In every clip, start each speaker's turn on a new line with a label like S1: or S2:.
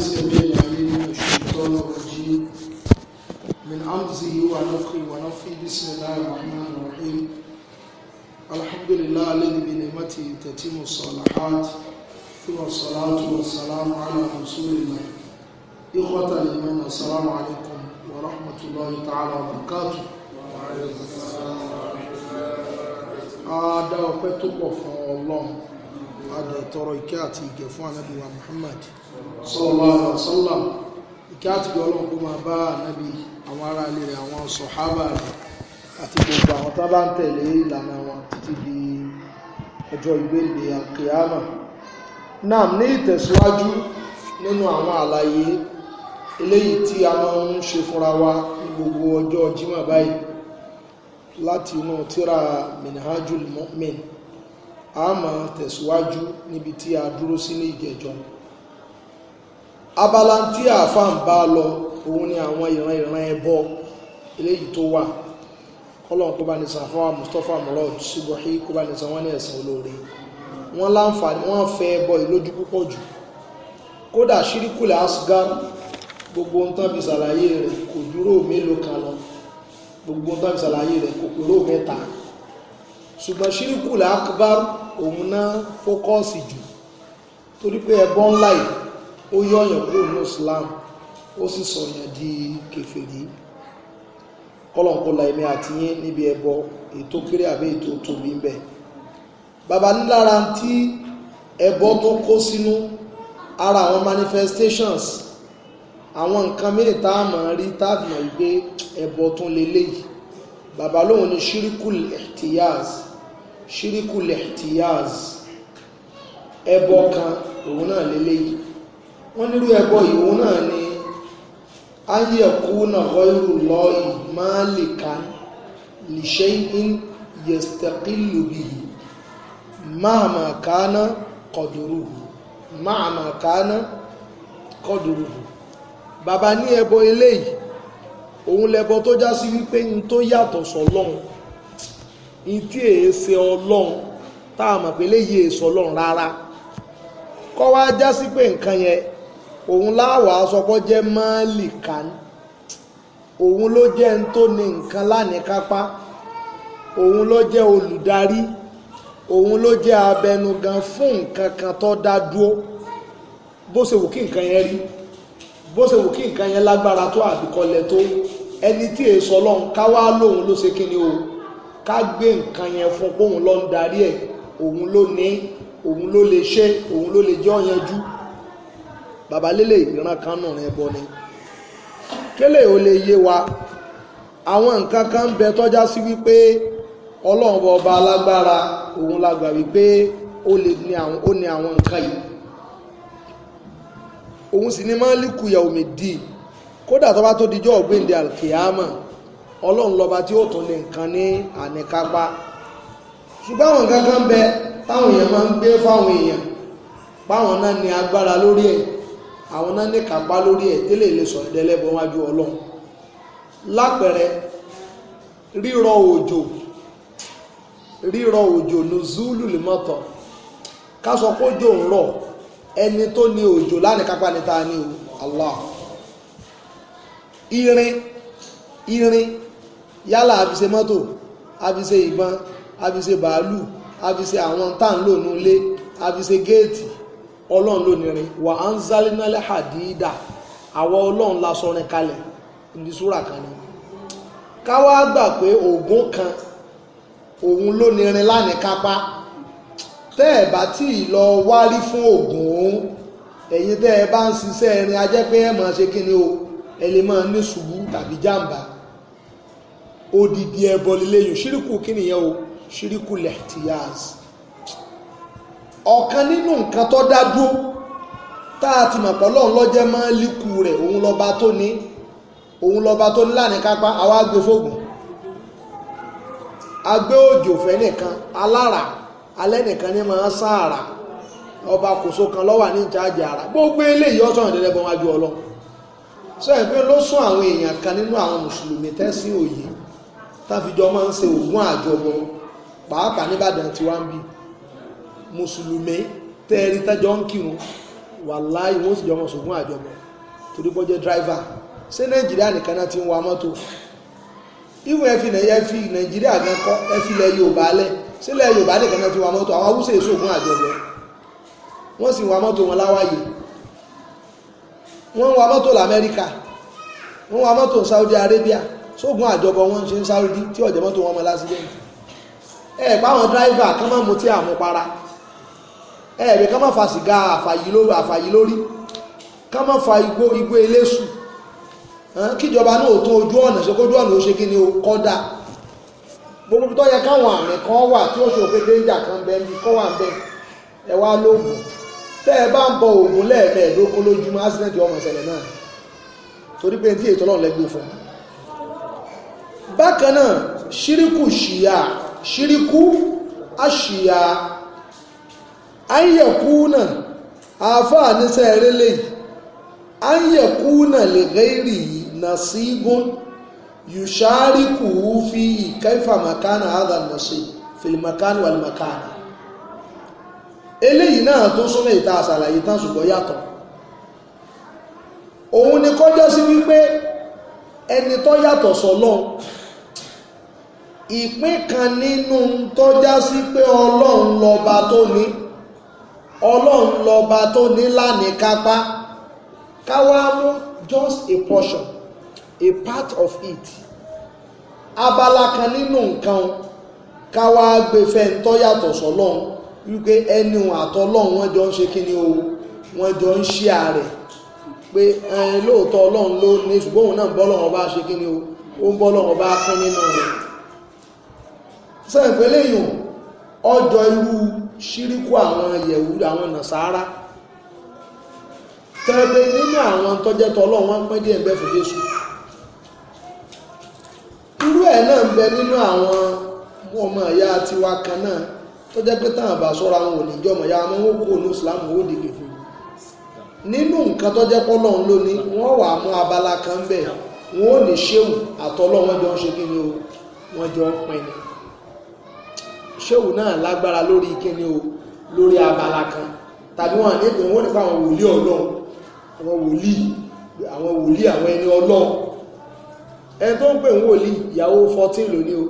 S1: السميع العليم من الشيطان الرجيم من أمزه ونفخه ونفخه بسم الله الرحمن الرحيم الحمد لله الذي بنعمته تتم الصالحات ثم الصلاة والسلام على رسول الله إخوة الإيمان السلام عليكم ورحمة الله تعالى وبركاته وعليكم السلام ورحمة الله وبركاته آه دعوة تقف الله هذا ترى كاتي كفوانا بها محمد sallallahu alaihi wasallam ìkẹ́ àti ọlọ́run kó máa bá ànábì àwọn ará ilé rẹ̀ àwọn sọ̀hábà rẹ̀ àti gbogbo àwọn tá bá ń tẹ̀lé ìlànà wọn títí di ọjọ́ ìgbéǹde àkíyàmà náà ní ìtẹ̀síwájú nínú àwọn àlàyé eléyìí tí a máa ń ṣe fúnra wa ní gbogbo ọjọ́ jímọ̀ báyìí láti inú tíra minhajul mu'min a máa tẹ̀síwájú níbi tí a dúró sí ní ìjẹjọ́ abala tí àáfà ń bá lọ òun ni àwọn ìran ìran ẹbọ eléyìí tó wà kọlọ́n kó bá ní sàn fún Mustapha Murad Subuhi kó bá ní sàn wọ́n ní ẹ̀sìn olóore wọ́n láǹfààní wọ́n fẹ́ ẹbọ ìlójú púpọ̀ jù kódà ṣíríkùlẹ̀ asgar gbogbo ohun tán fi ṣàlàyé rẹ̀ kò dúró mélòó kan lọ gbogbo ohun tán fi ṣàlàyé rẹ̀ kò pérò mẹ́ta ṣùgbọ́n ṣíríkùlẹ̀ akbar òun náà fókọ́ọ̀sì jù torí pé ẹbọ ńlá yìí ó yọ̀yàn kúrò ní Islam ó sì sọ̀yàn di kèfèrí kọ́lọ̀kọ́lá ẹ̀mí àti yín níbi ẹbọ ètò kéré àbí ètò tóbi bẹ̀ bàbá nílára tí ẹbọ tó kó sínú ara àwọn manifestations àwọn nǹkan mìíràn tá a mọ̀ rí tá a fi mọ̀ wípé ẹbọ tún leléyìí bàbá lóhun ni shirikul ihtiyaz shirikul ihtiyaz ẹbọ kan òun náà leléyìí wọ́n nírú ẹbọ ìwò náà ni ayẹ̀kú náà rọ́ìrù lọ́ọ̀yì máa lè lìṣẹ́ in yẹ̀stẹ̀kìlù bí káná kọ̀dùrùhù máa káná kọ̀dùrùhù bàbá ní ẹbọ eléyìí òun lẹbọ tó já sí wípé n tó yàtọ̀ sọ́lọ́run n tí èé ṣe tá a mọ̀ èé rárá kọ́ wá sí òun láwà sọpọ́ jẹ́ máàlì kan òun ló jẹ́ ń tó ní nǹkan lánìkápá òun ló jẹ́ olùdarí òun ló jẹ́ abẹnugan fún nǹkan kan tó dá dúró bó ṣe wù kí nǹkan yẹn rí bó ṣe wù kí nǹkan yẹn lágbára tó àbíkọlẹ̀ tó ẹni tí èso ọlọ́run ká wá lóun ló ṣe kí ni o ká gbé nǹkan yẹn fún póun ló ń darí ẹ̀ òun ló ní òun ló lè ṣe òun ló lè jẹ́ ọ̀yanjú Baba lele ìran kan nù ẹbọ ni kélé ò lè yé wa àwọn nǹkan kan ń bẹ tọ́já sí wípé ọlọ́run ọba alágbára òun la gbà wípé ó lè ní àwọn ó ní àwọn nǹkan yìí òun sì ni máàlìkù yàwùmí dì kódà tó bá tó dijọ́ ọ̀gbìndì alkiyama ọlọ́run lọ́ba tí ó tún lè nǹkan ní àníkápá ṣùgbọ́n àwọn nǹkan kan ń bẹ táwọn èèyàn máa ń gbé fáwọn èèyàn páwọn náà ní agbára lórí ẹ̀ àwọn náà ní kápá lórí ẹ̀ délé lè sọ ẹ̀dẹ́lẹ́bọ wájú ọlọ́run lápẹẹrẹ rírọ̀ òjò rírọ̀ òjò nùzúlù lèmọ́tọ̀ ká sọ pé òjò ń rọ̀ ẹni tó ní òjò lánìí kápá ní ta ni Allah irin irin yálà a fi ṣe mọ́tò a fi ṣe ìbọn a fi bàálù a fi ṣe àwọn tá nílé a géètì ọlọ́run ló nírin wà á ń zálínálẹ̀ àdídà àwọ ọlọ́run la kalẹ̀ ní súrà kan ni káwá gbà pé ògún kan òun ló nírin lánìí kápá tẹ́ ẹ̀ bá tí ì lọ wárí fún ògún ẹ̀yin tẹ́ ẹ bá ń ṣiṣẹ́ ẹrin ajẹ́ pé ẹ̀ máa ṣe kí ni o ẹ lè máa ní ṣubú tàbí jàǹbá odidi ẹbọ lílẹ́yìn ṣíríkù kí nìyẹn o ṣíríkù lẹ́tíyàsì ọ̀kan nínú nǹkan tó dá tá a ti mọ̀ pọ̀ lọ́run lọ́jẹ́ mọ́ líkù rẹ̀ òun lọ́ba tó ní òun lọ́ba tó ní láàrin kápá àwa gbé fóògùn agbé òjò fẹ́ nìkan alára alẹ́ nìkan ní máa sáàrà ọba kòso kan lọ́wà ní ìjáàjì ara gbogbo eléyìí ọ̀tọ̀ ìdẹ́dẹ́ bọ́ wájú ọlọ́run sọ ẹ̀ pé ló sún àwọn èèyàn kan nínú àwọn mùsùlùmí tẹ́sí òye táfijọ́ máa ń ṣe ògùn àjọbọ pàápàá níbàdàn tí wá ń bíi mùsùlùmí tẹ́ẹ̀rí tájọ́ ń kírun wàláhì wọ́n sì jọmọ ṣùgbọ́n àjọmọ torí pọ́jẹ́ dráìvà ṣé nàìjíríà nìkan náà ti ń wa mọ́tò ìwọ̀n ẹ̀fì nàìjíríà gan kọ́ ẹ̀fì lẹ yorùbá lẹ̀ ṣé lẹ yorùbá nìkan náà ti wa mọ́tò àwọn haúsá èso ògùn àjọmọ wọ́n sì wa mọ́tò wọn láwáyé wọ́n wa mọ́tò lamẹ́ríkà wọ́n wa mọ́tò saudi arabia sógun àjọbọ wọn ṣe ń saudi tí ọ̀jẹ̀ mọ́tò wọn mọ́ lásìdẹ́ntì ẹ̀ pàwọn dráìvà kán má mutí àmupara ẹ̀ẹ̀rẹ̀ ká má fa sìgá àfàyí lórí ká má fa igbó igbó eléṣù kíjọba náà tó ojú ọ̀nà ṣe kójú ọ̀nà ó ṣe kí ni ó kọ́dà gbogbo tó yẹ káwọn àrùn kan wà tí ó ṣe òpin déńjà kan bẹ ń bí kọ́ wà ń bẹ ẹ wá lóògùn tẹ́ ẹ bá ń bọ òògùn lẹ́ẹ̀mẹ́ẹ̀dógún lójúmọ́ accident ọmọ ìṣẹ̀lẹ̀ náà torí pé tí ètò ọlọ́run lẹ́gbẹ̀ẹ́ fún bákan náà ṣíríkù ṣìyà ṣíríkù àṣìyà anyẹ̀kú náà àáfàá níṣẹ́ erélé yìí anyẹ̀kú náà lè rẹ́rì nàṣígún yùṣáríkù fi ìkẹfà makana hadha nàṣí fìlìmakánì wàlìmakánì eléyìí náà tó súnmọ́ ìta àṣàlàyé tán ṣùgbọ́n yàtọ̀ òun ni kọjọ́ sí wípé ẹni tó yàtọ̀ ìpín kan nínú tó sí pé ọlọ́run lọba tó ní ọlọ́run lọ́ba tó nílànà kápá káwá mú just a portion a part of it abala kan nínú nǹkan káwá gbé fẹ́ntọ́ yàtọ̀ sọ́lọ́run wípé ẹni àtọ́lọ́run wọ́n jọ ń ṣe kí ni o wọ́n jọ ń ṣí ààrẹ̀ pé ẹ̀yìn lóòótọ́ ọlọ́run ló ní ṣùgbọ́n òun náà ń bọ́lọ́run ọba ṣe kí ni o ó ń bọ́lọ́run ọba pín nínú rẹ̀ sẹ́yìn pé léyìn ọjọ́ irú ṣíríkù àwọn yẹ̀wúrú àwọn nàṣàárá tẹ́lẹ̀ nínú àwọn tọ́jẹ́tọ́ ọlọ́run wọn pẹ́ díẹ̀ bẹ́ẹ̀ fún Jésù irú ẹ̀ náà ń bẹ nínú àwọn ọmọ ìyá tiwa kan náà tó pé táwọn bá sọ́ra wọn ò ní jọ ọmọ ìyá wọn ó kó ní Islam ó dìgbì fún nínú nǹkan tó jẹ́ pọ́lọ́run lónìí wọ́n wà mú abala kan bẹ̀ wọ́n ò ní ṣéwù àtọ́lọ́wọ́n jọ ń ṣe kí ni o wọ́n jọ ń pin ni ṣéwù náà lágbára lórí kíni o lórí abala kan tàbí wọn nígbà wọn nípa àwọn wòlíì ọlọ́run àwọn wòlíì àwọn wòlíì àwọn ẹni ọlọ́run ẹni tó ń pè ń wòlíì ìyàwó 14 lónìí o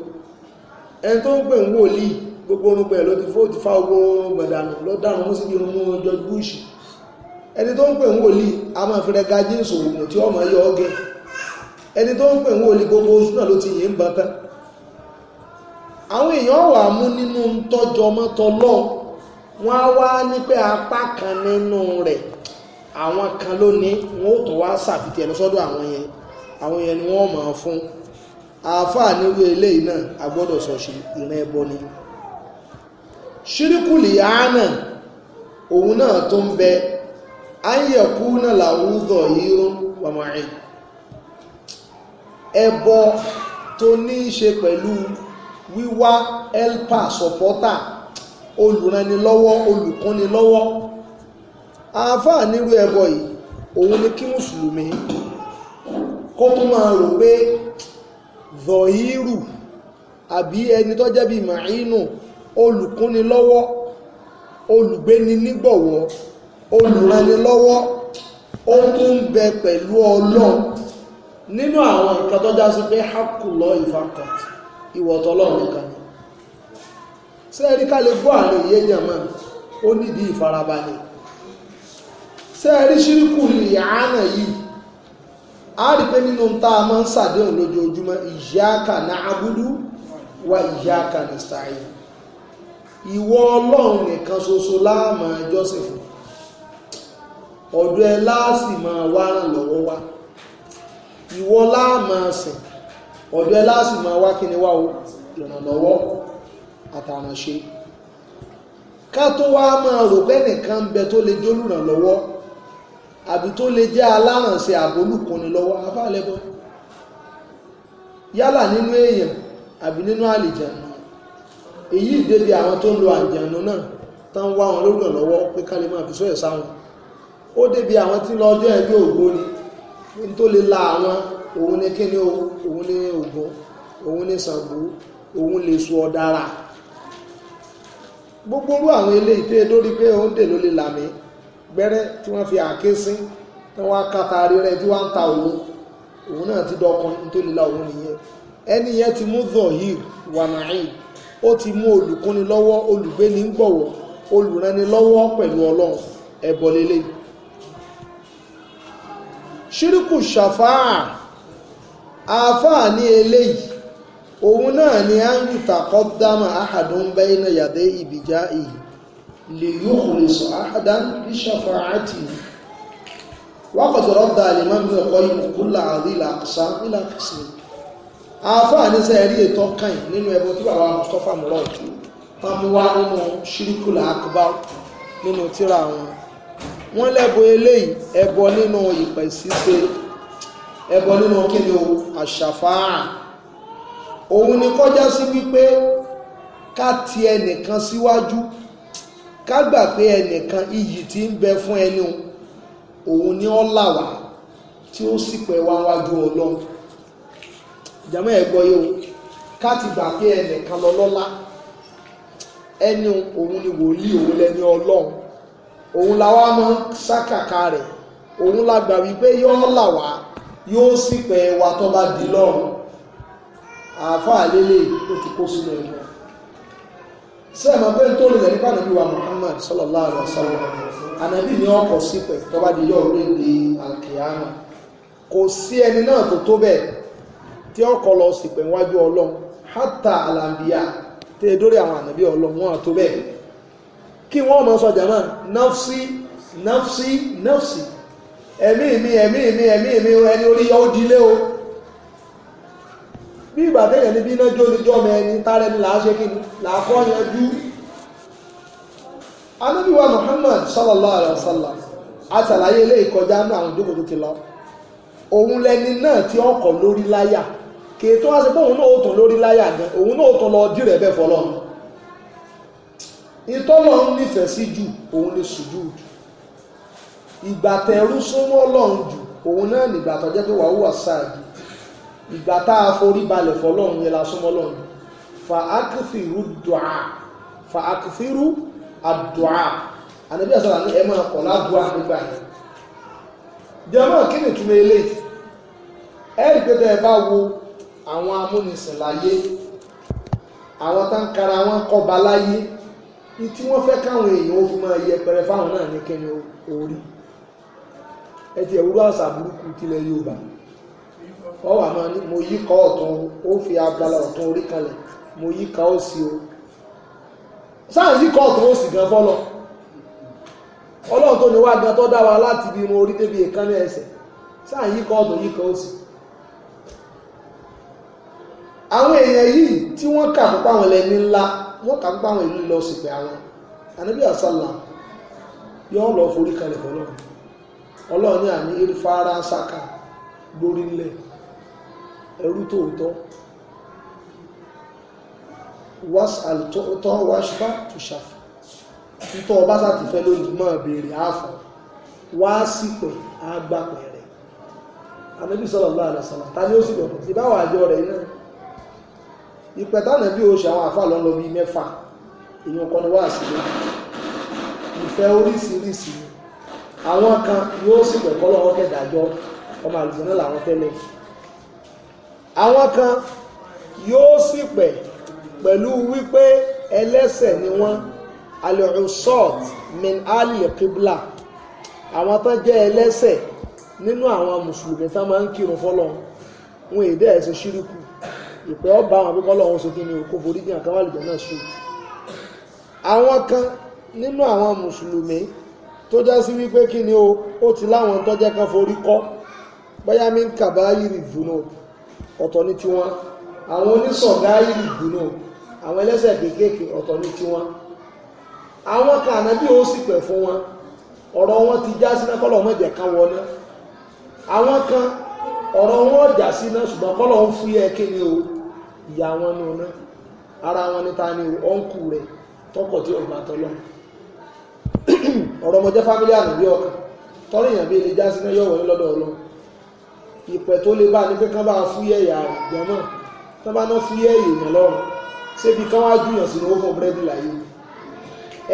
S1: ẹni tó ń pè ń wòlíì gbogbo orun pẹ̀lú ti fó fá ogun orun gbẹ̀dànù ló mú sí bí irun mú George Bush ẹni tó ń pè ń wòlíì a máa fi rẹga jíǹsì òògùn tí ọmọ yọ ọgẹ ẹni tó ń pè ń wòlíì gbogbo oṣù náà ló ti yìn ń bọ́n tán àwọn èèyàn wà mú nínú tọ́jọ mọ́tọ́ lọ́n wọ́n á wá ní pé apá kan nínú rẹ̀ àwọn kan ló ní wọ́n ó tó wá sàfitì ẹnu sọ́dọ̀ àwọn yẹn àwọn yẹn ni wọ́n máa fún àáfàá nírú eléyìí náà a gbọ́dọ̀ sọ ṣe ìran ẹbọ ni ṣíríkùlì àánà òun náà tó ń bẹ ayẹ̀kú náà làwúzọ̀ yìí rún wàmọ̀rin ẹbọ tó ní í ṣe pẹ̀lú wíwá helper supporter olùrànilọ́wọ́ olùkúnnilọ́wọ́ àáfàá nírú ẹbọ yìí òun ni kí mùsùlùmí kó tún máa rò pé zọ̀hírù àbí ẹni tó jẹ́ bíi màínù olùkúnnilọ́wọ́ olùgbéni nígbọ̀wọ́ olùrànilọ́wọ́ ó tún ń bẹ pẹ̀lú ọlọ́run nínú àwọn nǹkan sí pé hákùlọ́ ìfàkọ̀tì ìwọ̀tọ̀ ọlọ́run nìkan ni ṣé ẹ rí ká lè gbọ́ àrùn ìyé yẹn mọ́ ó nídìí ìfarabalẹ̀ ṣé ẹ rí ṣíríkù lìyàánà yìí a rí pé nínú tá a máa ń ṣàdéhùn lójoojúmọ́ iyyaka na'budu wa iyyaka nasta'in ìwọ ọlọ́run nìkan ṣoṣo láàmà jọ́sìn ọ̀dọ̀ ẹ láàsì máa wá ràn lọ́wọ́ wá ìwọ láàmà sìn ọ̀dọ̀ ẹ láàsì máa wá kí ni wá o ìrànlọ́wọ́ àtàrànṣe ká tó wá máa rò pé ẹnìkan ń bẹ tó lè jólùrànlọ́wọ́ àbí tó lè jẹ́ alárànṣe àbólùkùnni lọ́wọ́ afálẹ́bọ́ yálà nínú èèyàn àbí nínú àlìjànà èyí ìdébi àwọn tó ń lo àjànà náà tán wá wọn lórùrànlọ́wọ́ pé ká lè máa fi sóyẹ̀ sáwọn ó débi àwọn tí lọ́jọ́ ẹgbẹ́ ògbóni tó lè la àwọn òun ni kíni o òun ni Ògún òun ni Ṣàngó òun lè so ọ̀dàrà gbogbo orú àwọn eléyìí tó yẹ lórí pé òun dè ló lè làmì gbẹ́rẹ́ tí wọ́n fi àáké sí tí wọ́n á kàtà rírẹ́ tí wọ́n á ń ta òun òun náà ti dọkan nítorí la òun nìyẹn ẹni yẹn ti mú zohir wanahin ó ti mú olùkúnni lọ́wọ́ olùgbéni ń gbọ̀wọ́ olùrànni lọ́wọ́ pẹ̀lú ọlọ́run ẹ̀bọ̀ lélẹ̀. ṣírìkù ṣàfáà àáfàá ní eléyìí òun náà ni a ń yùtàkọ́ dámà áhàdùn bẹ́ẹ̀nà yàdé ìbìjá ìyí lè yóò lè sọ áhàdán bí ṣàfà àti wákọ̀tọ̀rọ̀ dá lè máa ń kọ́ ìmọ̀kú láàrin làkùsá nílàkùsí àáfàá ní sẹ́ rí ètò kàn nínú ẹbọ tí bàbá Mustapha mọ̀rọ̀ tí wọ́n mú nínú ṣíríkù làákùbá nínú tíra wọn wọ́n lẹ́bọ eléyìí ẹbọ nínú ìpẹ̀síse ẹbọ nínú kíni o àṣàfáà òun ni kọjá sí wípé ká ti ẹnìkan síwájú ká gbà pé ẹnìkan iyì tí ń bẹ fún ẹni òun ni ó là wá tí ó sì pẹ̀ wá wájú ọlọ́run ìjàmọ́ ẹ̀ gbọ́ yóò ká ti gbà pé ẹnìkan lọ lọ́lá ẹni òun ni wòlíì òun lẹni ọlọ́run òun làwa máa ń sákàkà rẹ̀ òun la gbà wípé yọ́ là wá yóò sì pẹ̀ wa tó bá di lọ́rùn àáfàá lélẹ̀ tó ti kó sínú ẹ̀kọ́ sẹ́ẹ̀mà pé tó rí lẹ́nípa nàbí wa Muhammad sallallahu alaihi wasallam ànàbí ni ọkọ̀ sípẹ̀ tó bá di yọ́ orí ní alkiyama kò sí ẹni náà tó tó bẹ́ẹ̀ tí ọkọ̀ lọ sípẹ̀ wájú ọlọ́run hátà alàmbíyà tí ẹ dórí àwọn ànàbí ọlọ́run wọn tó bẹ́ẹ̀ kí wọ́n mọ̀ sọ jàmá nafsi nafsi nafsi ẹ̀mí mi ẹ̀mí mi ẹ̀mí mi ẹni orí yọ ó o bí ìgbà téèyàn níbi iná jó níjọ́ mi ẹni tààrẹ ni là ni Muhammad sallallahu alayhi wa sallam àtàlàyé ilé ìkọjá náà àwọn ìjókòó tó ti lọ òun lẹni náà tí ọkọ̀ lórí láyà kèétọ́ wá sí pé òun náà ó tún lórí láyà gan òun náà ó tún lọ dìrẹ̀ bẹ́ẹ̀ fọlọ́run ìtọ́lọ́run nífẹ̀ẹ́ sí jù òun ni ìgbà tẹ̀rú súnmọ́ ọlọ́run jù òun náà nígbà tó jẹ́ pé wàá wà sáàdì ìgbà tá a forí balẹ̀ fọlọ́run yẹn la súnmọ́ ọlọ́run jù fa akífìrú dùá fa akífìrú àdùá ànábí àsọ̀rọ̀ àní ẹ̀ máa kọ̀ ládùá nígbà yẹn jẹ́mọ́ kí ni ìtumọ̀ eléyìí ẹ̀rí pé tẹ́ ẹ bá wo àwọn amúnisìn láyé àwọn tá ń kara wọn kọba láyé tí wọ́n fẹ́ káwọn èèyàn ó fi máa yẹpẹrẹ fáwọn náà ní kẹ́ni orí ẹ ti ẹ̀wúrú àṣà burúkú tilẹ̀ Yorùbá ọ wà máa ní mo yí kọ́ ọ̀tún ó fi agbára ọ̀tún orí kanlẹ̀ mo yí kọ́ òsì o sáà yí kọ́ ọ̀tún òsì gan fọ́lọ́ ọlọ́run tó ní wá gan tó dá wa láti bí irun orí débi èékánná ẹsẹ̀ sáà yí kọ́ ọ̀tún yí kọ́ òsì àwọn èèyàn yìí tí wọ́n kà púpọ̀ àwọn ẹlẹ́ni ńlá wọ́n kà púpọ̀ àwọn ìlú lọ sí pé àwọn ànábì àsálà yóò lọ forí kalẹ̀ fọlọ́run ọlọ́ọ̀ni àní irifara saka lórí ilẹ̀ ẹrú tòótọ́ was àlùtọ́ wáṣfà tó ṣàfà títọ́ ọba sàti fẹ́ lónìí mọ́ béèrè àfọ̀ wá sípẹ̀ àgbàpẹ̀ rẹ̀ ànábì sallallahu alaihi wasallam ta ni ó sì bẹ̀rẹ̀ sí báwọn àjọ rẹ̀ náà ìpẹ̀tánà bí oṣù àwọn àfà lọ́nà bíi mẹ́fà èèyàn kan ni wá sí ìfẹ́ oríṣiríṣi ni àwọn kan yóò sì pẹ̀kọ́ lọ́wọ́ kẹdàjọ́ ọmọ àlùfẹ́ náà làwọn tẹ́lẹ̀ àwọn kan yóò sì pẹ̀ pẹ̀lú wípé ẹlẹ́sẹ̀ ni wọ́n alẹ́rùsọ́t min ali kibla àwọn tán jẹ́ ẹlẹ́sẹ̀ nínú àwọn mùsùlùmí tán máa ń kírun fọ́lọ́run wọn èdè ẹ̀sẹ̀ ṣíríkù ìpẹ́ ọba àwọn akẹ́kọ̀ọ́ lọ́wọ́ sókè ní okó foríjì àkáwàlìjẹ́ náà ṣe àwọn kan nínú àwọn mùsùlùmí tó jẹ́ sí wípé kí ni o ó ti láwọn tó jẹ́ kan forí kọ́ bóyá mi ń kàbá yìí ìdùnnú ọ̀tọ̀ ní tiwọn àwọn onísọ̀gá yìí ìdùnnú àwọn ẹlẹ́sẹ̀ kéékèèké ọ̀tọ̀ ní tiwọn àwọn kànáà bí ó sì pẹ̀ fún wọn ọ̀rọ̀ wọn ti já síná kọ́lọ̀ wọn jẹ̀ kan kan ọ̀rọ̀ wọn ṣùgbọ́n kí ni ara wọn ni ọ̀nkù rẹ̀ tọkọ̀ tí ọ̀gbà ọ̀rọ̀ mọ̀jẹ́ fámílì ànàbí ọkàn tọ́rọ èèyàn bí ilé jásí náà yọ̀wọ̀ ní lọ́dọ̀ ọlọ́run ìpẹ̀ tó lè bá ní pé kán bá fúyẹ́ ìyá rẹ̀ jẹ́mọ́ tán bá náà fúyẹ́ èèyàn lọ́rùn sébi kán wá jùyàn sínú owó fún búrẹ́dì láyé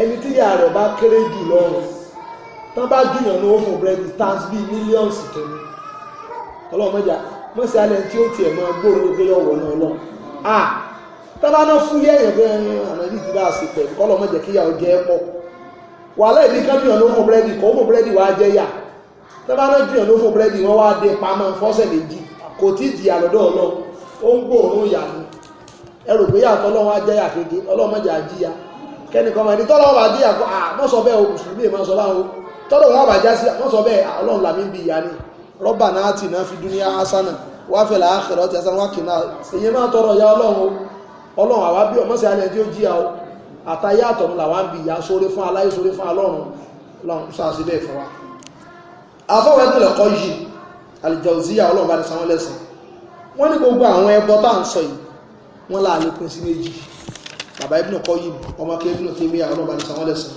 S1: ẹni tí ìyá rẹ̀ bá kéré jù lọ́rùn tán bá jùyàn ní owó fún búrẹ́dì tans bíi mílíọ̀nsì tó ní ọlọ́run mọ́jà mọ́sí alẹ́ tí ó tiẹ̀ máa gbóòrò ní pé yọ̀wọ̀ náà lọ tán bá náà fúyẹ́ èèyàn bẹ́ẹ̀ ni àná wàhálà ìdí kájúyàn ló fún búrẹ́dì kò fún búrẹ́dì wàá jẹ́ yà tẹ́bánà júyàn ló fún búrẹ́dì wọ́n wá dé pamọ́ fọ́sẹ̀ méjì kò tí jìyà lọ́dọ̀ ọlọ́ ó ń gbòòrùn ìyàmú ẹrù pé yàtọ̀ ọlọ́run á jẹ́ yà kéde ọlọ́mọjà jíya kẹ́nìkan máa ní tọ́lọ́ wà jíyà kọ́ à mọ́ sọ bẹ́ẹ̀ o mùsùlùmí máa sọ báwo tọ́lọ́ wọn bàjá sí mọ́ sọ bẹ́ẹ̀ ọlọ́run làmí bí ìyá ni rọ́bà náà tì náà fi dúníyà hasana wá fẹ́ là á kẹrọ ti hasana wá kì náà èyí máa tọrọ ìyá ọlọ́run ọlọ́run àwa bí ọmọ sí alẹ́ tí ó jíya o àtayé àtọ̀nù làwọn ń bi ìyá sórí fún aláyé sórí fún alọ́run lọ́n sáàsì bẹ́ẹ̀ fún wa afọ́wọ́ ẹgbẹ́ lọ́kọ́ yìí àlìjọ̀zíyà ọlọ́run bá ti sanwó lẹ́sìn wọ́n ní gbogbo àwọn ẹbọ tá à ń sọ yìí wọ́n láàlẹ́ pín sí méjì bàbá ibùnà kọ́ yìí ọmọ kí ibùnà kí mi àwọn ọlọ́run bá ti sanwó lẹ́sìn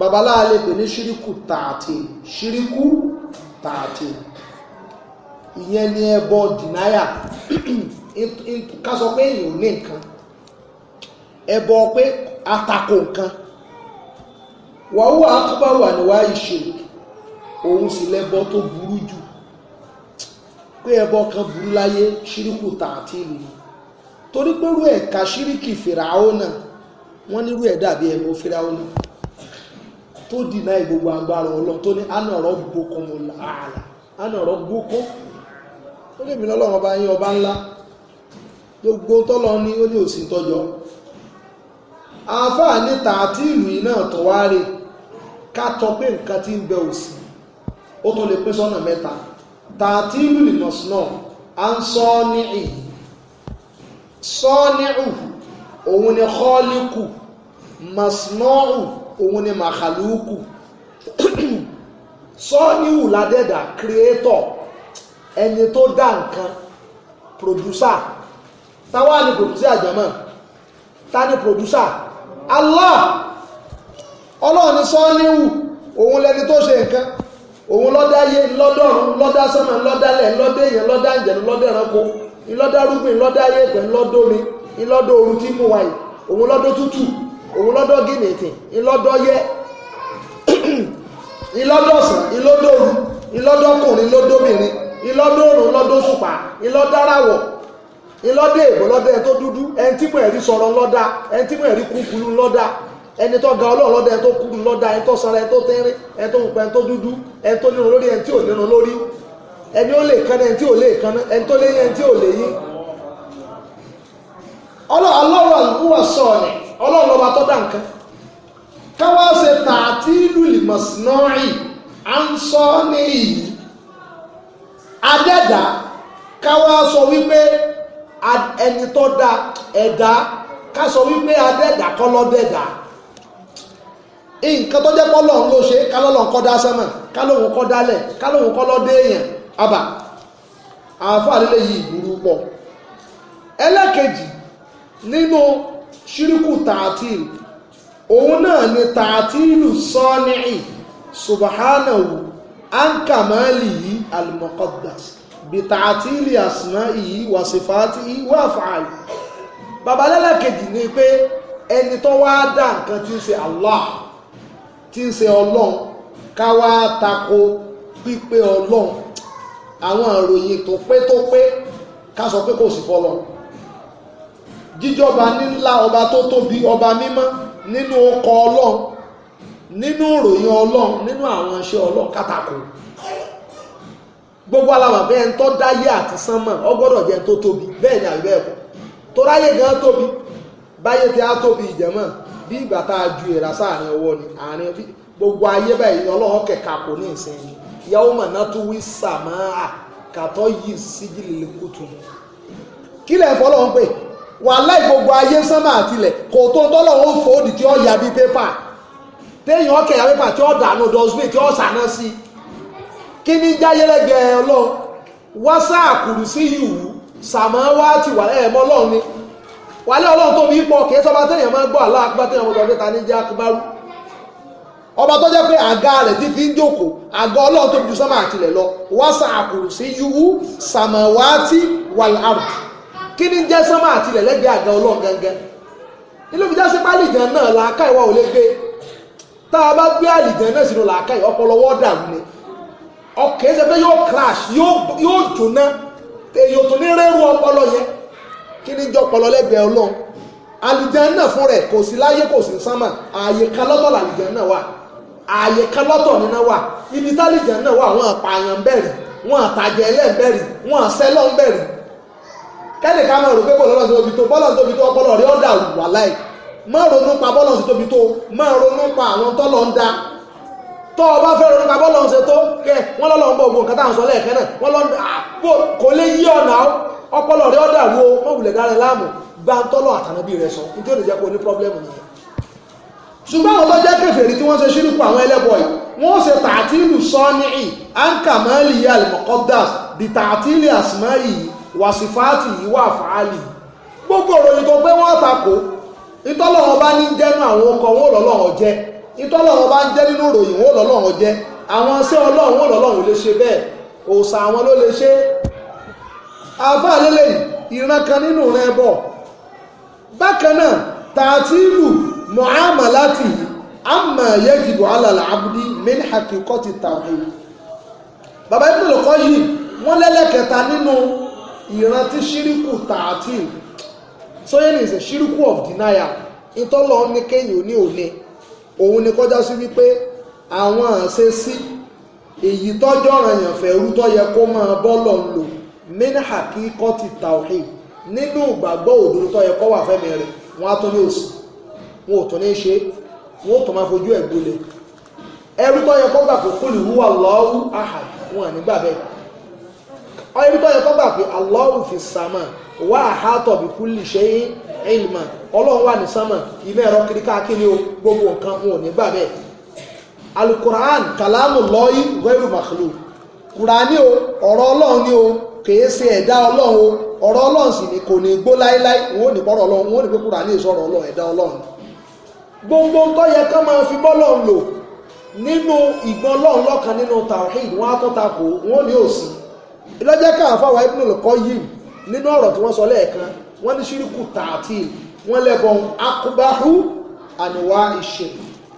S1: bàbá láàlẹ́ pè ní ṣíríkù tààtì ṣíríkù tààtì ìyẹn ní ẹbọ dìnáyà ká sọ pé èèyàn ò ní nǹkan ẹbọ pé àtakò nǹkan wàhùwà wà níwá ìṣirò òun sì lẹ́bọ tó burú jù pé ẹbọ kan burú láyé ṣíríkù tààtì ìlú ni torí pé rú ẹ̀ka ṣíríkì fìràwọ́ náà wọ́n ní rú ẹ̀ dàbí ẹ̀mọ fìràwọ́ náà tó dìnà gbogbo agbára ọlọ́run tó ní ánàrọ̀ ó ọba yín ọba ńlá gbogbo àáfàá níta àti ìlú iná tó wá rè ká tọ pé nǹkan tí ń bẹ òsì ó tó lè pín sọ́nà mẹ́ta tààtí ìlú ìnàsùn náà à ń sọ ní ì sọ́ọ̀nìrù òun ni kọ́ọ̀lìkù masnọ́ọ̀rù òun ni màkàlùkù sọ́ọ̀nìrù ládẹ́dà creator ẹni tó dá nǹkan producer táwa ni producer jẹ́mọ̀ ta ni producer Allah ọlọ́run ní sọ́ọ́níwù òun lẹni tó ṣe nǹkan òun lọ́dá yé lọ́dọ̀run lọ́dá sọ́mà lọ́dálẹ̀ lọ́dẹ̀yẹn lọ́dá ìjẹ̀nu lọ́dẹ̀ranko ìlọ́dá rúgbìn lọ́dá yẹ̀pẹ̀ ńlọ́dọ́mi ńlọ́dọ̀ orun tí òun tútù òun gínìtì yẹ ńlọ́dẹ èbó lọ́dẹ tó dúdú ẹni tí ẹ̀rí sọ̀rọ̀ ńlọ́dà ẹni tí pẹ̀lú kúkúlú ńlọ́dà ẹni tó ga ọlọ́ọ̀ lọ́dà ẹni tó kúkúlú ńlọ́dà ẹni tó sanra ẹni tó tẹ́rín ẹni tó pupa ẹni tó dúdú ẹni tó nírun lórí ẹni tí ò nírun lórí ẹni ó lè kan ẹni tí ò lè kan ẹni tó léyìn ẹni tí ò léyìn. ọlọ́run ọlọ́run lọ́ba tó nǹkan wípé ẹni tó da ẹ̀dá ká sọ wípé adẹ́dà kọ́ lọ́dẹ̀dà nǹkan tó jẹ́ pọ́lọ́ ló ṣe kálọ́lọ́ kọ́ dá sẹ́mọ̀ kálóhùn kọ́ dálẹ̀ kálóhùn kọ́ lọ́dẹ̀ èèyàn àbà àáfàá lílé yìí ìgbúrú pọ̀ ẹlẹ́kejì nínú ṣíríkù tààtìl òun náà ni tààtìlù sọ́ọ́nì subhanahu ankamali almuqaddas bìtàtìlì àsìná ìyí wàsífàátì ìwà àfààlì babalẹ́lẹ̀ kejì ni pé ẹni tó wá dá nǹkan tí ń ṣe Allah tí ń ṣe ọlọ́run ká wá tako pípé ọlọ́run àwọn ìròyìn tó pé tó pé ká sọ pé kò sí fọlọ́run jíjọba nílá ọba tó tóbi ọba mímọ́ nínú ọkọ̀ ọlọ́run nínú ìròyìn ọlọ́run nínú àwọn iṣẹ́ ọlọ́run kátàkùn gbogbo aláwà bẹ́ẹ̀ ń tọ́ dáyé àti sánmọ̀ ọgbọ́dọ̀ jẹ́ tó tóbi bẹ́ẹ̀ ni àbíbẹ́ ẹ̀kọ́ tó ráyé gan tóbi báyé tí a tóbi bí ìgbà tá a ju ìrà sáàrin ọwọ́ ni àárín gbogbo ayé báyìí ọlọ́wọ́ kẹ̀kà kò ní ìsìn yìí ìyàwó mọ̀nà tó wí sàmáà kàtọ́ yìí síjìlì kùtù kí lẹ̀ fọ́lọ́ ń pè wà láì gbogbo ayé sánmà àtìlẹ̀ kò tó ń tọ́lọ̀ fòódì tí ó yà bí pépà téèyàn kẹ̀yà pépà tí ó dànù dọ́sùn kí ní jáyẹ́lẹ́gẹ̀ ọlọ́run wáṣà kùrù sí ìhù sàmáwá ti wà ẹ̀mọ́ ọlọ́run ni wàlẹ́ ọlọ́run tó bí pọ̀ kìí sọba tẹ́yàn máa ń gbọ́ àlá àgbà tẹ́yàn mọ́tò ọ̀gbẹ́ta ní jẹ́ akúbárú ọba tó jẹ́ pé àga rẹ̀ ti fi ń jókòó àga ọlọ́run tó ju sọ́mà àtìlẹ̀ lọ wáṣà kùrù sí ìhù sàmáwá ti wà láàrù kí ní jẹ́ sọ́mà àtìlẹ̀ lẹ́gbẹ̀ẹ́ àga ọlọ́run gangan ilé ìfijá sí pálí ìjàn náà làákà ìwà ò lè gbé tá a bá gbé àlìjàn náà sínú làákà ọpọlọ wọ́ọ̀dà ni ọkẹ́ ẹsẹ̀ pé yóò crash yóò jóná èyí ò tún ní rẹ́rù ọpọlọ yẹn kí ni jọ ọpọlọ lẹ́gbẹ̀ẹ́ ọlọ́run àlìjáná fún rẹ̀ kò sí láyé kò sí sánmà ààyè kan lọ́tọ̀ làlìjáná wà ààyè kan lọ́tọ̀ nínú wà ibi tálìjáná wà wọ́n àpààyàn bẹ̀rẹ̀ wọ́n àtàjẹ ẹlẹ́ bẹ̀rẹ̀ wọ́n àṣẹlọ́ bẹ̀rẹ̀ kẹ́lẹ̀ ká máa rò pé kò lọ́lọ́sí tóbi tó bọ́lọ́sí tóbi tó ọpọlọ rẹ̀ ọ̀dà wà láì má ronú pa bọ́lọ́sí tóbi tó má ronú pa àwọn tọ́lọ́ ń da tọ́ ọba fẹ́ràn nípa bọ́ọ̀lù ọ̀hún ṣe tó kẹ wọ́n lọ́lọ́ ń bọ̀ ògbò nǹkan tá à ń sọ lẹ́ẹ̀kẹ́ náà wọ́n lọ́ àpò ah, kò lè yí ọ̀nà ọpọlọ rẹ ọ̀dà wo mọ̀wùlẹ̀ dára láàmú gba tọ́lọ̀ àtànàbí rẹ sọ ní tí ó lè jẹ́ pé ó ní pọ́blẹ́mù nìyẹn ṣùgbọ́n àwọn lọ́jọ́ kèfèrí tí wọ́n ṣe ṣírùkù àwọn ẹlẹ́bọ̀ yìí wọ́n ṣe tààtìlù sọ́nìí ankamali alimokodas di tààtìlù asmai wàsífàtì ìwà fàálì gbogbo òròyìn tó pé wọ́n tako ìtọ́lọ́wọ́ bá ní jẹ́nu àwọn ọkọ̀ wọn lọ́lọ́wọ́ jẹ́ ìtọ́lọ́run bá ń jẹ́ nínú ìròyìn wọn lọ́lọ́run jẹ́ àwọn ṣé ọlọ́run wọn lọ́lọ́run lè ṣe bẹ́ẹ̀ òòṣà àwọn ló lè ṣe àbá lélẹ̀ ìran kan nínú rẹ bọ̀ bákan náà tààtìlù mọ̀hámàlátì àmà yẹ́jìbò alàlà abúdí min hakikọ́tì tààbù bàbá ìpínlẹ̀kọ́ yìí wọ́n lẹ́lẹ́kẹta nínú ìran tí ṣíríkù tààtìlù sóyẹ́nì ìṣẹ̀ ṣíríkù of denial ìtọ́lọ́ ní kéyìn òní òní òun ni kọjá sí wípé àwọn àṣẹ sí èyí tọ́jọ́ ọ̀ranyàn fẹ̀rú tó yẹ kó máa bọ́lọ̀ ń lò min hakikoti tawhid nínú ìgbàgbọ́ òdodo tó yẹ kó wà fẹ́mi rẹ̀ wọ́n á tún ní òsì wọn ò tún ní ṣe wọn ò tún máa fojú ẹ̀ gbolẹ̀ ẹrú tó yẹ kó gbà kó kúlù huwa Allahu ahad wọn nígbà bẹ́ẹ̀ ọ tó yẹ kó pé Allahu fi sama wà àhátọ̀ bí kulli shay'in ilma ọlọ́run wà ní sama ìmọ̀ ẹ̀rọ kiri káàkiri o gbogbo nǹkan wọn ò ní gbà bẹ́ẹ̀ alukur'an kàlámù lọ́yí ghayru o ọ̀rọ̀ ọlọ́run ni o kèé ṣe ẹ̀dá ọlọ́run o ọ̀rọ̀ ọlọ́run sì ni kò ní gbó láéláé wọn ò ní ọlọ́run wọn ò ní pé ọlọ́run ẹ̀dá ọlọ́run gbogbo ìlọ́jẹ́ káàfáwà Ibnul Qayyim nínú ọ̀rọ̀ tí wọ́n sọ lẹ́ẹ̀kan wọ́n ní ṣíríkù tààtì wọ́n lẹ́bọn akúbáhú àníwá ìṣe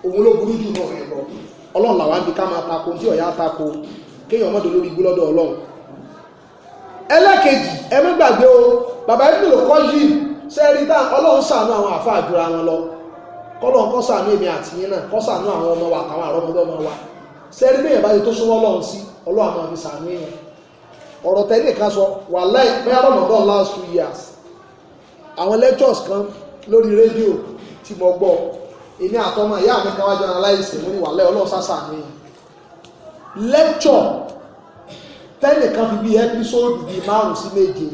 S1: òun ló burú jù náà ẹ̀bọ ọlọ́run làwọn bí ká máa tako tí ọ̀yá tako kéèyàn mọ́dọ̀ lórí igbó lọ́dọ̀ ọlọ́run ẹlẹ́kejì ẹ má gbàgbé o bàbá Ibnul Qayyim sẹ́ẹ̀rí tá ọlọ́run ṣàánú àwọn àfáà jura wọn lọ kọ́lọ́n kọ́ ṣàánú èmi àtìyín náà kọ́ ṣàánú àwọn ọmọ wa àtàwọn àrọ́mọdọ́mọ wa sẹ́ẹ̀rí bẹ́ẹ̀ bá ti ọ̀rọ̀ tẹ́lẹ̀ kan sọ wà láì bẹ́ẹ̀ rọ̀mọ̀dọ́ last two years àwọn lectures kan lórí rédíò tí mo gbọ́ èmi àtọmọ ìyá mi káwájú analyze e, mo ní wà láì ọlọ́run sásà lecture tẹ́lẹ̀ kan fi bí episode bíi márùn-ún sí méje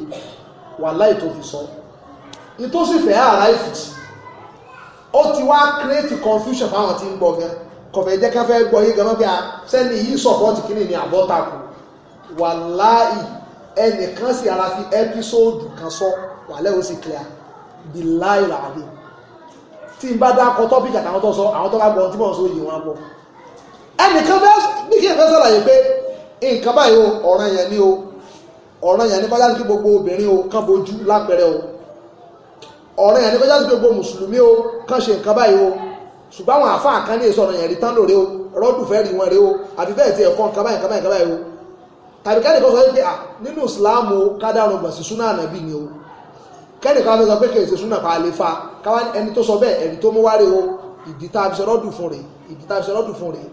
S1: wà láì tó fi sọ ìtòsí fẹ́ ìfìsì ó ti wá create confusion fáwọn tí ń gbọ́ gan kọ̀fẹ́ jẹ́ ká fẹ́ gbọ́ yí gan mọ́ pé a sẹ́ni yìí support kínní ni àbọ́tàkùn wàláì ẹnìkan sì ara fi ẹ́písòdù kan sọ wàlẹ́ ó sì clear bí láì ràdé tí n bá dákọ tọ́pìkì àtàwọn tó sọ àwọn tó bá gbọ́n tí mò ń sọ yìí wọn pọ̀ ẹnìkan fẹ́ ní kí n fẹ́ sàlàyé pé nǹkan báyìí o ọ̀ràn yẹn ni o ọ̀ràn yẹn ni kọjá sí gbogbo obìnrin o kán bojú lápẹẹrẹ o ọ̀ràn yẹn ni kọjá sí gbogbo mùsùlùmí o kán ṣe nǹkan báyìí o ṣùgbọ́n àwọn àfáà kan ní èso ọ̀ràn yẹn rí tán lóore o rọ́dùfẹ́ rí wọn rí o àbí bẹ́ẹ̀ tiẹ̀ kọ́ nǹkan báyìí nǹkan báyìí nǹkan báyìí o tàbí kẹ́nìkan sọ pé à ah, nínú ìsìláàmù kádàrún gbọ̀n sí súnà ànàbí ni o kẹ́nìkan fẹ́ sọ pé kèsì súnà pa àlè fa káwá ẹni tó sọ bẹ́ẹ̀ ẹni tó mú wárí o ìdí tá a fi sọ̀rọ̀ dùn fún rẹ̀ ìdí tá a fi sọ̀rọ̀ dùn fún rẹ̀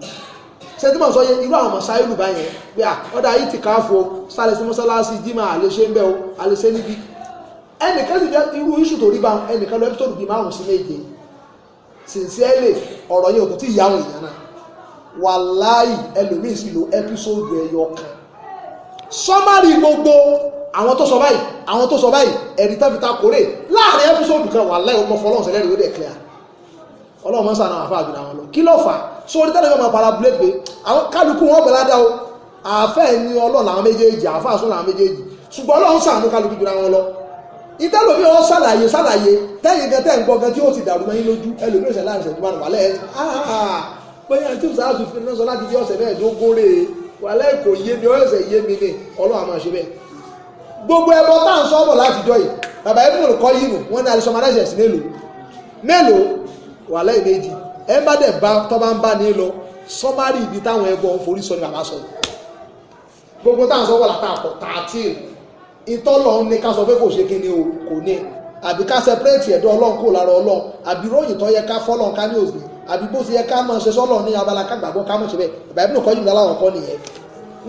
S1: ṣé tí mo sọ yẹ irú àwọn ọmọọṣá ìlú báyẹn pé à ah, ọ̀dà yìí ti káfo sálẹ̀ sí mọ́sálásí jimá àlẹ́ṣẹ́ ń bẹ́ o àlẹ́ṣẹ́ níbi ẹnìkan sì jẹ́ irú iṣu tó rí bá sọ́márì gbogbo àwọn tó sọ báyìí àwọn tó sọ báyìí ẹ̀rí tó fi ta kórè láàrin ẹ́písòdù kan wà láì ọmọ fọlọ́run sẹ́lẹ̀ rí ó dẹ̀ clear ọlọ́run mọ́ sànà àfáà jùlọ àwọn lọ kí ló fà so orí tẹ́lẹ̀ máa para bullet pé àwọn kálukú wọn bẹ̀rẹ̀ dá o ni ọlọ́run làwọn méjèèjì àfáà sún làwọn méjèèjì ṣùgbọ́n ọlọ́run sànù kálukú jùlọ àwọn lọ ìtẹ́lómi wọn sàlàyé sàlàyé tẹ́yìn gan tẹ́ ń gbọ́ gan tí ó ah bóyá tí ó sáà tún fi náà sọ láti bí ọ̀sẹ̀ mẹ́ẹ̀ẹ́dógún rèé wàhálà èkó yé mi ọ̀rẹ́sẹ̀ yé mi ní ọlọ́run àmọ́ ṣe bẹ́ẹ̀ gbogbo ẹbọ tá à ń sọ́bọ̀ láti jọ yìí bàbá yẹn múlò kọ́ yìí nù wọ́n ní alisọ́mọ aláṣẹ sí mélòó mélòó wàhálà ìbejì ẹ bá dẹ̀ bá tọ́ bá ń bá ní lọ sọ́márì ibi táwọn ẹbọ forí sọ ni bàbá sọ gbogbo tá à ń sọ́bọ̀ látàkọ̀ tààtì ìtọ́lọ̀ ní ká sọ pé kò ṣe kíni o kò ní àbí ká sẹpẹ́rẹ́tì ẹ̀dọ́ ọlọ́run kò lára ọlọ́run àbí ròyìn tó yẹ ká fọ́lọ́run ká ní òsì àbí bó ṣe yẹ ká máa ṣe sọ́lọ̀ ní abala kágbàgbọ́ ká máa ṣe bẹ́ẹ̀ bàbá ìbùnú kọ́jú ìdálá àwọn kọ́ nìyẹn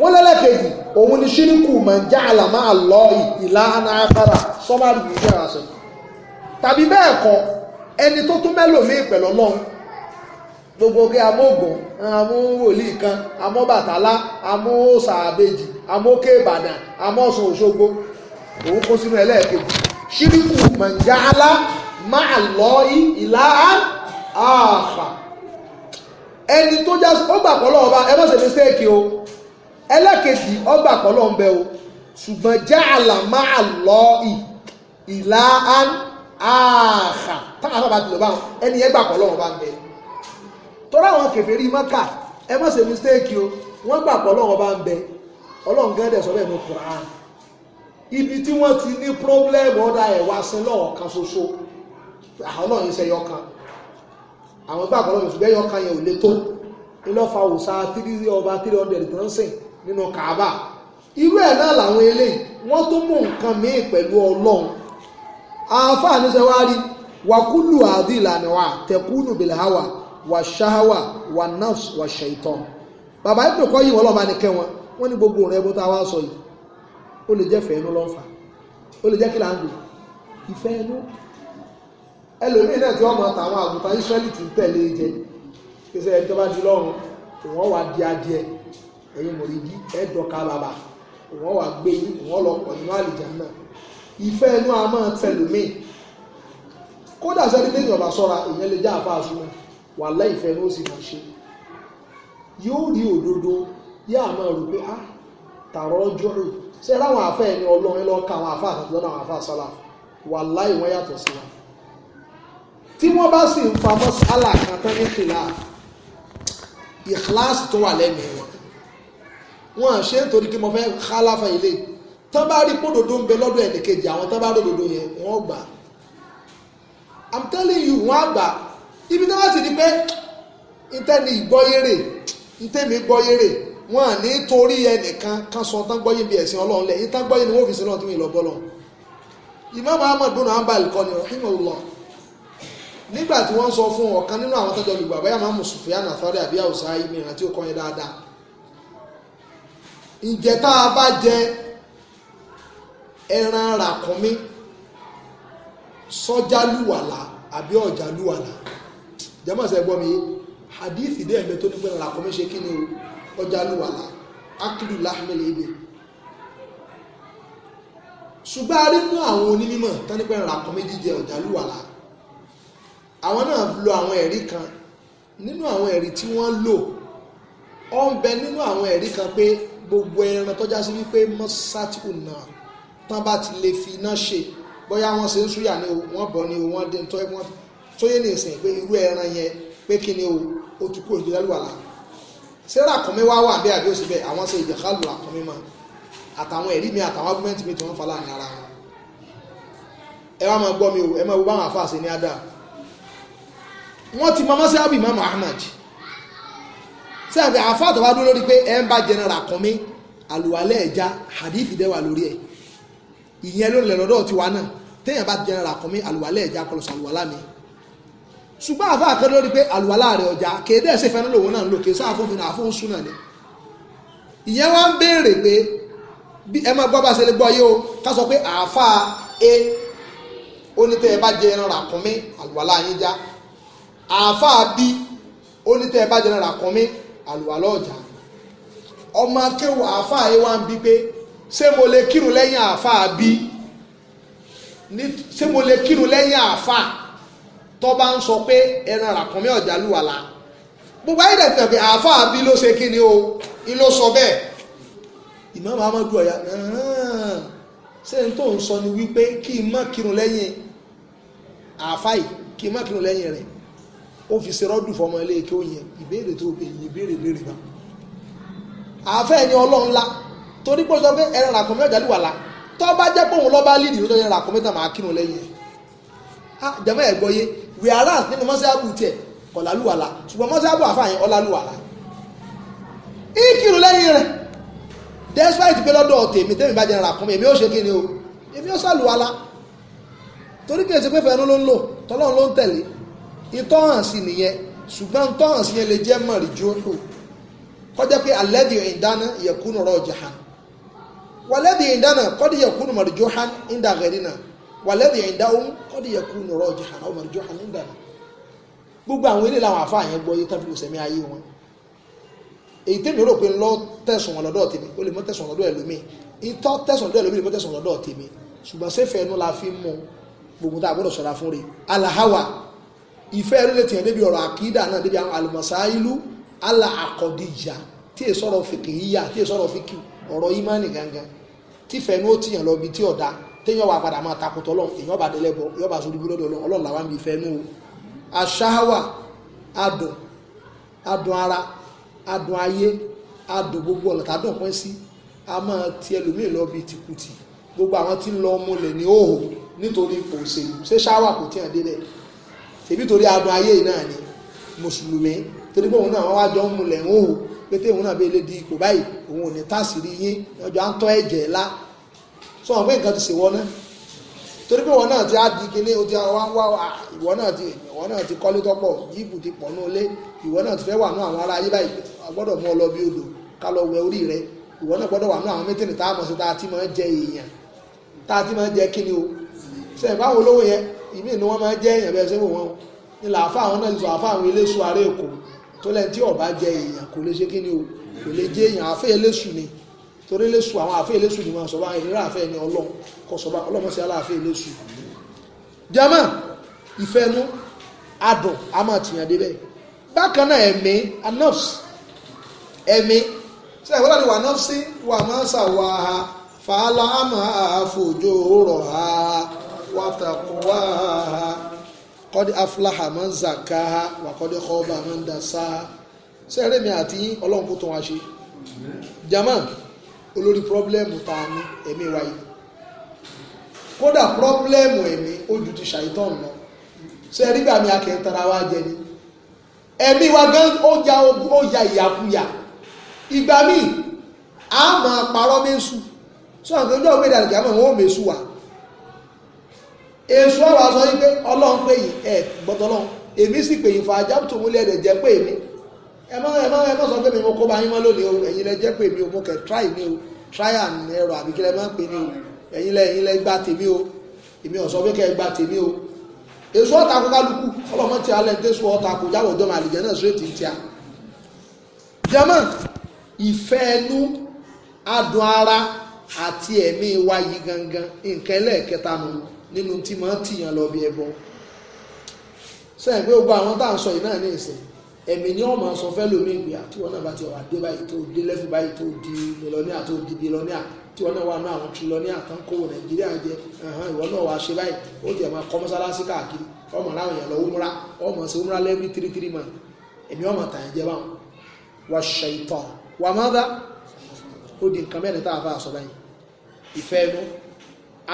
S1: wọ́n lẹ́lẹ́kejì òun ni ṣíríkù mọ̀njá àlàmá àlọ́ ìlà anáfàrà sọ́márì yìí yàrá sọ tàbí bẹ́ẹ̀ kọ́ ẹni tó tún mẹ́lòmíì pẹ̀lú ọlọ́run gbogbo kí amóògùn amówòlíì kan amóbàtálá amósàbèjì amókè ìbàdàn amósùn òṣogbo òun kó sínú ẹlẹ́ẹ̀kejì ṣíríkù mọ̀njá àlá máa lọ́ ìlà anáfàrà àfà ẹni tó já ó gbà pọ̀ lọ́wọ́ bá ẹ má ṣe mistake o ẹlẹ́kejì ó gbà pọ̀ lọ́wọ́ bẹ́ẹ̀ o ṣùgbọ́n jẹ́ àlàmá àlọ́ ìlà án àhà táwọn àbábà tìlọ̀ bá wọn ẹni yẹn gbà pọ̀ lọ́wọ́ bá ń bẹ tọ́lá àwọn kèfèrí mọ́kà ẹ má ṣe mistake o wọ́n gbà pọ̀ lọ́wọ́ bá ń bẹ ọlọ́run gẹ́dẹ̀ sọ bẹ́ẹ̀ ní Quran ibi tí wọ́n ti ní problem ọ̀dà ẹ̀wà sí lọ́wọ́ kan ṣoṣo àwọn náà ń ṣe yọ àwọn gbà kọ́ lọ́nà ṣùgbọ́n ẹ̀yọ́ kan yẹn ò lè tó ńlọ́fà òòsà three over three hundred tó ń sìn nínú kàábà irú ẹ̀ náà làwọn eléyìí wọ́n tó mú nǹkan míì pẹ̀lú ọlọ́run àáfàá ní sẹ́wá rí wàkúlù àdí ìlànà wa tẹ̀kúnù bìlàwà wà ṣáháwà wà nafs wà ṣẹ̀tọ́ bàbá ìpínlẹ̀ kọ́ yìí wọ́n lọ́ọ́ bá ní kẹ́wọn wọ́n ní gbogbo rẹ̀ bó ta wá sọ yìí ó lè jẹ́ fẹ́ẹ́nú lọ́fà ó lè jẹ́ kí ìfẹ́ẹ́nú ẹlòmíì náà tí wọ́n mọ tàwọn àgùntàn Ísírẹ́lì ti ń tẹ̀lé jẹ kí sẹ́yìn tó bá ti lọ́rùn wọ́n wá di adìẹ ẹ̀yin mọ̀lẹ́bí ẹ̀dọ̀ka bàbà wọ́n wá gbé yín wọ́n lọ pọ̀ nínú àlìjánnà ìfẹ́ inú a máa tẹlòmíì kódà sẹ́ni tẹ́yìn ọ̀bà sọ́ra èèyàn lè já àfa àṣùwọ̀n wà láì fẹ́ ló sì máa ṣe yóò rí òdodo yá àmọ́ rò pé á ah, tààrọ̀ ọjọ́ rè ṣe ráwọn àfẹ́ ẹni ọlọ́run lọ́ọ́ ka àwọn àfa àtàtúndọ́nà àwọn àfa sálà wà láì wọ́n yàtọ̀ sí wa tí wọ́n bá sì ń fa mọ́sálà kan tán ní kìlá ìkíláàsì tó wà lẹ́nu wọn wọn ṣe ń torí kí mo fẹ́ kálàfà ilé tán bá rí pódòdó ń bẹ lọ́dọ̀ ẹnìkejì àwọn tán bá ródòdó yẹn wọ́n gbà i'm telling you wọ́n á gbà ibi tí wọ́n sì rí pé ntẹ́ni ìgbọ́yérè ntẹ́mi gbọ́yérè wọn à ní torí ẹnìkan kan sọ tán gbọ́yé bí ẹ̀sìn ọlọ́run lẹ̀ yìí tán gbọ́yé ni wọ́n fi sin náà tó yìí lọ bọ́ lọ ìmáàmù ahmed bùnà ambal kọ́ni rahimahullah nígbà tí wọ́n sọ fún ọ̀kan nínú àwọn tọ́jọ́ olùgbà bóyá máa mú Sufyan àtàrí àbí àwùsá ìmì àti òkan yẹn dáadáa ǹjẹ́ tá a bá jẹ ẹran ràkúnmí sọ́jálùwàlà àbí ọ̀jálùwàlà jẹ́mọ̀sẹ̀ gbọ́ mi hadithi dé ẹ̀mẹ́ tó ní pẹ́ẹ́rẹ́ ràkúnmí ṣe kí ni ọ̀jálùwàlà akílù láhmẹ́lẹ́ ibi ṣùgbọ́n a rí mú àwọn onímọ̀ tán ní pẹ́ẹ́rẹ́ ràkúnmí jíjẹ ọ̀jálùwàlà àwọn náà lo àwọn ẹ̀rí kan nínú àwọn ẹ̀rí tí wọ́n lò ó ń bẹ nínú àwọn ẹ̀rí kan pé gbogbo ẹran tọ́já sí wípé mọ́sátìkù náà tán bá ti lè fi iná ṣe bóyá wọ́n ṣe ń súyà ni wọ́n bọ̀ ni wọ́n dé tọ́ wọ́n tóyé ní ìsìn pé irú ẹran yẹn pé kí ni o ti kú òjò lálùwà láàyè sẹ́rà kọ́mí wá wà bí àbí òsì bẹ́ẹ̀ àwọn ṣe ìjàkálù àkọ́mí mọ́ àtàwọn ẹ̀rí mi àtàwọn argument mi tí wọ́n fa láàrin ara wọn ẹ wá máa gbọ́ mi o ẹ máa wo báwọn àfa ṣe ní ádá wọ́n ti mọ́mọ́ sí abu Ahmad. ahmed sẹ́yìn àfa àtọ̀wá dúró lórí pé ẹ̀ ń bá jẹnara kan mi àlùwalẹ̀ ẹ̀já hadith dẹ́wà lórí ẹ̀ ìyẹn ló lẹ̀ lọ́dọ̀ tiwa náà téèyàn bá jẹnara kan mi àlùwalẹ̀ ẹ̀já kọlọ̀sọ àlùwalá mi ṣùgbọ́n àfa àkẹ́rẹ́ lórí pé àlùwalá rẹ̀ ọjà kéde ẹ̀sẹ̀ fẹ́ràn lòun náà ń lò kí sáà fún fìnnà náà ni ìyẹn wá ń béèrè pé ẹ máa gbọ́ bá ṣe e ó ní tẹ́ ẹ bá jẹ ẹran àáfàá bí ó ní tẹ́ ẹ bá jẹ́ náírà kan mí àlùwàlá ọ̀jà ọmọ akéwà àáfàá yìí wá ń bí pé ṣé mo lè kírun lẹ́yìn àáfàá bí ṣé mo lè kírun lẹ́yìn àáfàá tó bá ń sọ pé ẹran ràkúnmí ọ̀jà lùwàlá gbogbo ayé dẹ̀ pé àáfàá ló ṣe kí ni o ìló sọ bẹ́ẹ̀ ìmáàmù amadu ọ̀yà ṣé n tó ń sọ ni wípé kí n má kírun lẹ́yìn àáfàá kí n má kírun lẹ́yìn rẹ̀ ó fi ṣe rọ́dù fọmọ ilé kí ó yẹn ìbéèrè tó bẹ yìí ìbéèrè léèrè bá àfẹ́ ẹni ọlọ́run la torí pé ó sọ pé ẹran ràkọ́ mẹ́ta lù wà la tó bá jẹ́ pé òun lọ́ bá lídìí lójó ẹran ràkọ́ mẹ́ta máa kírun lẹ́yìn ẹ̀ jẹ́mọ́ ẹ̀ gbọ́yé wíárà nínú mọ́sáàbù tiẹ̀ kọ̀làlúwàlà ṣùgbọ́n mọ́sáàbù àfààyàn ọlàlúwàlà ìkírun lẹ́yìn rẹ̀ despite pé lọ́dọ̀ tèmi tèmi bá jẹ́ ràkọ́ mi èmi ó ṣe kí ni o èmi ó sàlùwàlà torí kí n ṣe pé fẹ́ẹ́ ló ń lò tọ́lọ́run ìtọ́hàn sí nìyẹn ṣùgbọ́n ìtọ́hàn sí yẹn lè jẹ́ mọ̀rì jóòrò kọjá pé alẹ́dì ìdáná yẹ̀kúnù rọ̀ jẹ̀hán wàlẹ́dì ìdáná kọ́dí yẹ̀kúnù mọ̀rì jóòhán ìdá gẹ̀rínà wàlẹ́dì ìdáhùn kọ́dí yẹ̀kúnù rọ̀ jẹ̀hán ọmọrì jóòhán ìdá gbogbo àwọn ilé làwọn àfáà yẹn gbọ́ yé tán fi lò sẹ́mi ayé wọn èyí tẹ́mi rò pé ń lọ tẹ̀sùn wọn lọ́dọ̀ tèmi ó lè mọ́ tẹ̀sùn lọ́dọ̀ ìfẹ́ ẹ̀rú lè tìyàn débi ọ̀rọ̀ àkídà náà débi àwọn àlùmọ̀sáìlú àlà àkọ̀dìjà tí è sọ̀rọ̀ fìkì yíyà tí è sọ̀rọ̀ fìkì ọ̀rọ̀ ìmánì gangan tí fẹ̀mí ó tìyàn lọ bí tí ọ̀dá téèyàn wà padà máa takùtọ̀ lọ èèyàn bá délẹ̀ bọ yọba sórí búlọ́dọ̀ lọ ọlọ́run làwọn bí fẹ́ nù o àṣáwà adùn adùn ara adùn ayé adùn gbogbo ọ̀nà tàdùn pín sí a máa ti ẹlòmíì lọ bí tìkùtì gbogbo àwọn tí ń lọ ọmọlẹ̀ ní òhò nítorí ipò òṣèlú ṣé ṣáwà kò tíyàn délẹ̀ ṣèbí torí adùn ayé náà ni mùsùlùmí torí pé òun náà wọ́n wá jọ ń múlẹ̀ ń hò pété òun náà bẹ́ẹ̀ di ipò báyìí òun ò ní yín ọjọ́ à ń tọ́ ẹ̀jẹ̀ sọ wọn pé nǹkan ti ṣèwọ náà torí pé wọn náà ti á di o ti wá ti ìwọ náà ti kọ́lé tọ́pọ̀ ti ti fẹ́ wà àwọn ará ayé báyìí mú ọ lọ bí odò ká lọ wẹ orí rẹ wà àwọn ìmí ni wọ́n máa jẹ́ èèyàn bẹ́ẹ̀ sẹ́wọ̀n wọn ni làáfà àwọn náà sọ àáfà àwọn eléṣù ará èkó tó lẹ́ni tí ọba jẹ èèyàn kò lè ṣe kí ni o kò lè jẹ èèyàn àfẹ́ eléṣù ni torí eléṣù àwọn àfẹ́ eléṣù ni wọ́n sọ bá ìrírà àfẹ́ ni ọlọ́run kò sọ bá ọlọ́run sí aláàfẹ́ eléṣù. jama ìfẹ́nu adùn a máa tìyàn débẹ̀ bákan náà ẹ̀mí anọ́fs ẹ̀mí ṣe ìwọ́n láti wà nọ́fsí wà máa ṣàwà fàálà àmà àfòjò rọ̀ ha wàtàkùwáhà kọ́dí afúláhà máa ń zàkáhà wà kọ́dí kọ́ọ̀bà máa ń dasáhà sẹ́rẹ́ mi àti ọlọ́run kó problem wá ṣe jama olórí pírọ́blẹ́mù ta ni ẹ̀mí wa yìí kódà pírọ́blẹ́mù ẹ̀mí ó ju ti ṣàìtàn lọ sẹ́rí bàmí akẹ́ntara wa jẹ ni ẹ̀mí wa gan ó ya ó ya ìyàkuyà ìgbà míì a máa parọ́ mẹ́sù sọ̀rọ̀ tó jọ́ ògbé dàrú kí wọ́n mẹ́sù wà. esu àwọn asọ yìí pé ọlọ́run pé yìí ẹ gbọ́dọ̀ ọlọ́run èmi sì pè yìí fún ajá tó múlẹ̀ ẹ̀dẹ̀ jẹ́ pé ẹ má ẹ má ẹ má sọ pé mi mo kó ba yín lónìí o ẹ̀yin lẹ jẹ́ pé mi o mo kẹ̀ try mi o try and error àbí kí lẹ má pè mí o ẹ̀yin lẹ ẹ̀yin lẹ gba tèmi o èmi ò pé kẹ́ gba tèmi o ọ̀tà kó kálukú tí ọ̀tà kó jáwọ̀ jọmọ nínú tí máa tìyàn lọ bí ẹbọ sẹ́yìn pé gbogbo àwọn tá à ń sọ yìí náà ní ìsìn ẹ̀mí ni wọ́n máa sọ fẹ́ lómi ìgbé àti ah, wọn náà bá ti wà dé báyìí tó dé lẹ́fù báyìí tó di mílíọ̀nìà tó di bílíọ̀nìà tí wọn náà wà ní àwọn tírílíọ̀nìà tó ń kówó nàìjíríà jẹ ìwọ náà wàá ṣe báyìí ó jẹ máa kọ́ mọ́sálásí káàkiri ọmọ láwọn èèyàn lọ wúmúra ọmọ sí wúmúra lẹ́bí tírítírí mọ́ ẹ̀mí ọmọ tàn jẹ báwọn wà ṣètọ́ wà má dá ó di nǹkan mẹ́rin tá a fà sọ báyìí ìfẹ́ inú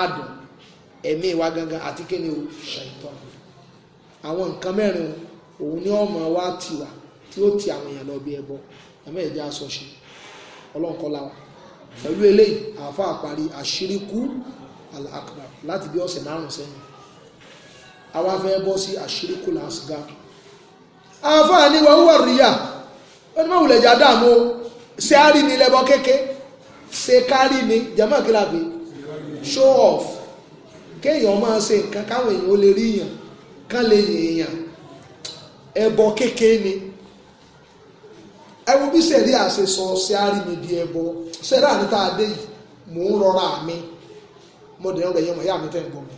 S1: adùn ẹ̀mí wa gangan àti kíni o ṣàìtọ́ àwọn nǹkan mẹ́rin òun ní ọmọ wa ti wà tí ó ti àwọn èèyàn lọ bí ẹbọ ẹ̀mí ẹ̀jẹ̀ aṣọ ṣe ọlọ́nkọ́lá wa pẹ̀lú eléyìí àáfà àparí àṣíríkú al-akbar láti bí ọ̀sẹ̀ márùn sẹ́yìn àwa fẹ́ bọ́ sí àṣíríkú al-asghar àáfà ni wọ́n wà ríyà ó ní mọ̀wùlẹ̀ dààmú ṣe á rí ni lẹ́bọ kéke ṣe kárí ni jẹ́mọ̀ kí show off kéèyàn máa ṣe nǹkan káwọn èèyàn ó lè rí èèyàn kán lè yìn èèyàn ẹbọ kékeré ni ẹ wo bí sẹ̀rí àṣẹ sọ ṣe àrìmìdì ẹbọ sẹ́rí àníta adé yìí mò ń rọra mi mo dẹ̀ ń rẹ̀ yẹn mọ̀ yá mi tẹ́ ń gbọ́ mi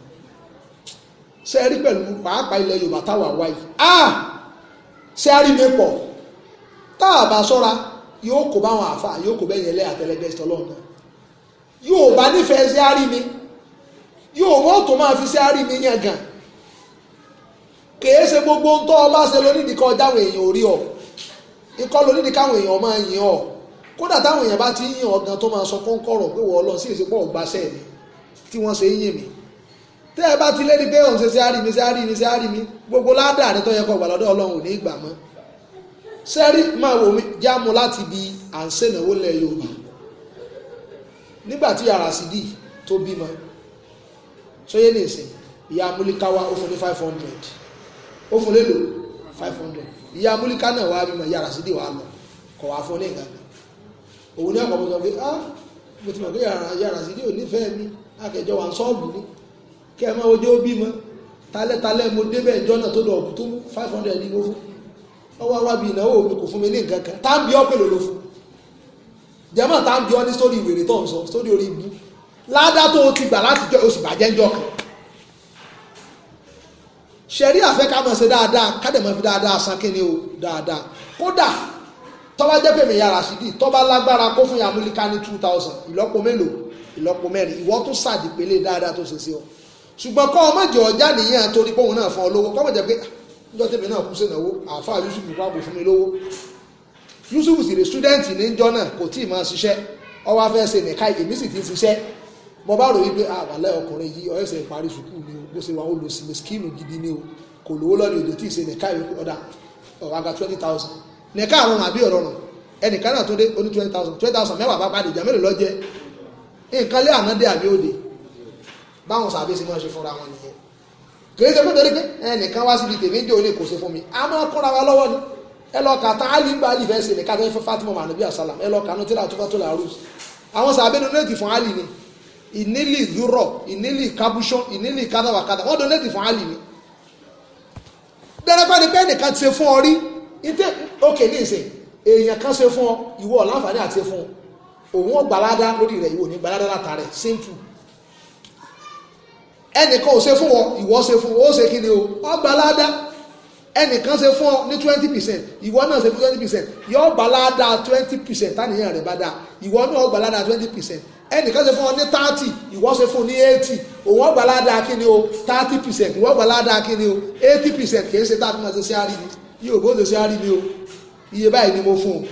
S1: sẹ́rí pẹ̀lú pàápàá ilẹ̀ Yorùbá táwa wáyé ah ṣe àrìmì pọ̀ tá a bá sọ́ra yóò kó báwọn àfa yóò kó bẹ́yẹn lẹ́yà tẹ́lẹ̀ bẹ́ẹ̀ sọ́lọ́ọ̀nà Yorùbá nífẹ̀ẹ́ ṣe àrìmì yóò wọ́n tó máa fi ṣe àárín mi yàn gan kèé ṣe gbogbo ń tọ́ ọ bá ṣe lónìdí kan dáwọn èèyàn ò rí ọ ikọ́ lónìdí káwọn èèyàn máa yìn ọ kódà táwọn èèyàn bá ti yìn ọ gan tó máa sọ kọ́ńkọ́rọ̀ pé wọ́n lọ sí ìṣepọ̀ ògbàṣẹ́ mi tí wọ́n ṣe ń yìn mí tẹ́ ẹ bá ti lérí pé òun ṣe ṣe àárín mi ṣe àárín mi ṣe àárín mi gbogbo ládàá rẹ tó yẹ kó gbà lọ́dọ̀ Ọlọ́run ò ní ìgbà mọ́ sẹ́rí máa wò mí jámu láti bi à ń ṣèlówó lẹ̀ Yorùbá nígbà tí yàrá sì dì tó bímọ sóyè ní ìsìn ìyá amúlíkáwá ó fún ní five hundred ó fún lélo five hundred ìyá amúlíká náà wàá bímọ ìyá rasidi wàá lọ kọ wàá fún ní nǹkan òun ní ọkọ̀ mọ́tò pé ah mo ti mọ̀ pé ìyá rasidi ò nífẹ̀ẹ́ mi akẹjọ wà ń sọ́ọ̀bù ni kẹ́ ẹ máa ojú ó bímọ talẹ́talẹ́ mo débẹ̀ ìjọ náà tó lọ ọ̀bù tó mú five hundred ni mo fún ọwọ́ awábi ìnáwó mi kò fún mi ní nǹkan kan táǹbì ọ́ pèlò ló fún jẹ́mọ̀ táǹbì ọ́ ní sórí ìwèrè tó ń sọ sórí orí ibú ládá tó o ti gbà láti jọ oṣù bàjẹ́ ń jọ kan ṣẹ̀rí àfẹ́ ká mọ̀ ṣe dáadáa kádẹ̀mọ́ fi dáadáa san kíni o dáadáa kódà tọ́ba jẹ́ pèmí yàrá sí di tọ́ba lágbára kó fún yàmúlíkà ní two thousand ìlọ́po mélòó ìlọ́po mẹ́rin ìwọ tún sàdìpele dáadáa tó ṣe sí ọ ṣùgbọ́n kọ́ ọmọ ìjọ ọjà nìyẹn torí pé òun náà fún ọ lówó kọ́ mọ̀ jẹ́ pé ah, níjọ́ tèmi náà kú sínàwó àáfàá Yusuf pàbò fún mi lówó Yusuf sì rè student níjọ́ náà kò tí ì máa ṣiṣẹ́ ọwọ́ afẹ́ ṣe nìka èmi sì ti ṣiṣẹ́ mo bá rò wípé àwàlẹ́ ah, ọkùnrin yìí ọ̀ẹ́sẹ̀ parí sùkúù ni o bó ṣe wà ó lò sí mẹ́sìkínù gidi ni o kò lówó lọ́nà èdè tí ì ṣe nìka ìwé ọ̀dà ọ̀gá twenty thousand nìka àrùn àbí ọ̀rọ̀ nù ẹnìkan náà tó dé oní twenty thousand twenty thousand mẹ́wàá bá padì ìjà mélòó lọ jẹ́ nǹkan lé àná dé àbí òde báwọn sàbí sí máa ṣe fúnra wọn nìyẹn kìí ṣe fúntorí pé ẹnìkan wá síbi tèmi jẹ́ òní kò ṣe fún mi a máa kúnra wa lọ́wọ́ ni ẹ lọ kà tá a lè gba àlìfẹ́ sí nìka tó fẹ́ Fatima mànúbí àsálàm ẹ lọ kà nù tíra tó fẹ́ tó àwọn sàbí nínú ètì fún àlì ni ìnílì zúrọ̀ ìnílì kábúṣán ìnílì kádàwàkádà wọ́n donate fún alì ni dẹ́rẹ́pẹ́ ni pé ẹnìkan ti ṣe fún ọ rí ìtẹ́ òkè ní ìsìn èèyàn kan ṣe fún ọ ìwọ ọ̀láǹfààní àti fún ọ òun ọgbàládá lórí rẹ̀ ìwọ ní gbàládá látàrẹ simple ẹnìkan ò ṣe fún ọ ìwọ ṣe fún ọ ó ṣe kí ni o ọgbàládá ẹnìkan ṣe fún ọ ní twenty percent ìwọ náà ṣe fún twenty percent yóò gbà ládàá twenty percent tánìyàn rẹ̀ bá dáa ìwọ náà gbà ládàá twenty percent ẹnìkan ṣe fún ọ ní thirty ìwọ ṣe fún ní eighty òun ọgbà ládàá kí o thirty percent ìwọ ọgbà ládàá kí o eighty percent kì í ṣe tá a fi máa ṣe sí àárín ni yóò bó ṣe sí àárín ni o iye báyìí ni mo fún o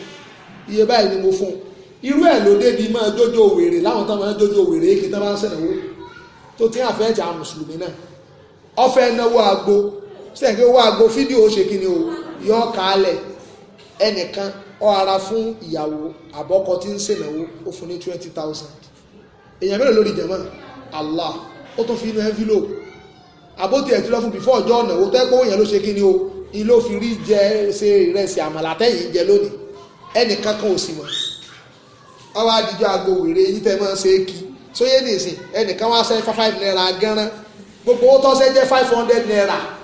S1: iye báyìí ni mo fún o irú ẹ̀ ló débi máa jójó wèrè láwọn táwọn máa jójó wèrè èkì táwọn máa ń sẹ̀nàwó tó ti ń àfẹ́ sẹ́yìn pé owó aago fídíò ó ṣe kí ni o yọ kálẹ̀ ẹnìkan ọ ara fún ìyàwó àbọ́kọ tí ń ṣènáwó ó fún ní twenty thousand èèyàn mélòó lórí jẹ̀mọ́ Allah ó tún fi inú envelope àbótí ẹ̀ tí lọ́ fún before ọjọ́ ọ̀nà owó tẹ́gbọ́ òyìn ló ṣe kí ni o ilé ó fi rí jẹ ṣe ìrẹsì àmàlà tẹ́yìn jẹ lónìí ẹnìkan kan ò sì mọ̀ ọwọ́ àdìjọ àgbo wèrè yìí tẹ́ máa ṣe é kí sóyè nìsín ẹnìkan wá sẹ́ five naira gánran gbogbo owó tó ṣe jẹ́ five hundred naira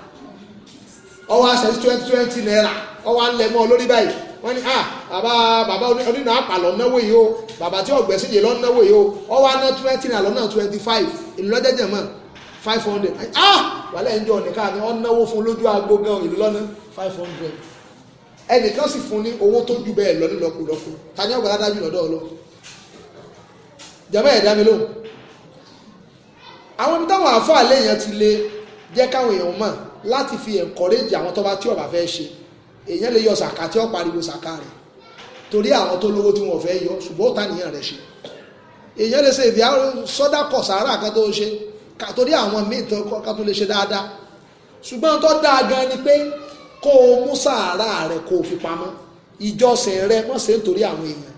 S1: ọwọ́ aṣẹ twenty twenty naira ọwọ́ alẹ́ mọ́ lórí báyìí wọ́n ní ah bàbá bàbá onínà àpàlọ́ náwó yìí o bàbá tí ọ̀gbẹ́ síje lọ́ náwó yìí o ọwọ́ aná twenty naira lọ́nà twenty five ìlú lọ́jẹ́jẹ̀ mọ́ five hundred ah wàlẹ́ ń jọ nìkan ni wọ́n náwó fún lójú aago gan ìlú lọ́nà five hundred ẹnìkan sì fún ní owó tó ju bẹ́ẹ̀ lọ nílọkulọku ta ni ọgbà dájú lọ́dọ̀ ọlọ́ jẹ́mọ́ ẹ̀dá mi lóhùn àwọn ibi táwọn àáfàá lẹ́yìn káwọn èèyàn mọ̀ láti fi encourage àwọn tó bá tí ọ̀bà fẹ́ ṣe èyàn lè yọ sàkà tí ó pariwo sàkà rẹ̀ torí àwọn tó lówó tí wọ́n fẹ́ yọ ṣùgbọ́n ó tàníyàn rẹ̀ ṣe èyàn lè ṣe ìdíyà sọ́dá kọ̀ sàárà kan tó ṣe torí àwọn míì kan tó lè ṣe dáadáa ṣùgbọ́n tó dáa gan ni pé kó o mú sàárà rẹ̀ kó o fi pamọ́ ìjọsìn rẹ̀ mọ̀ ṣe nítorí àwọn èèyàn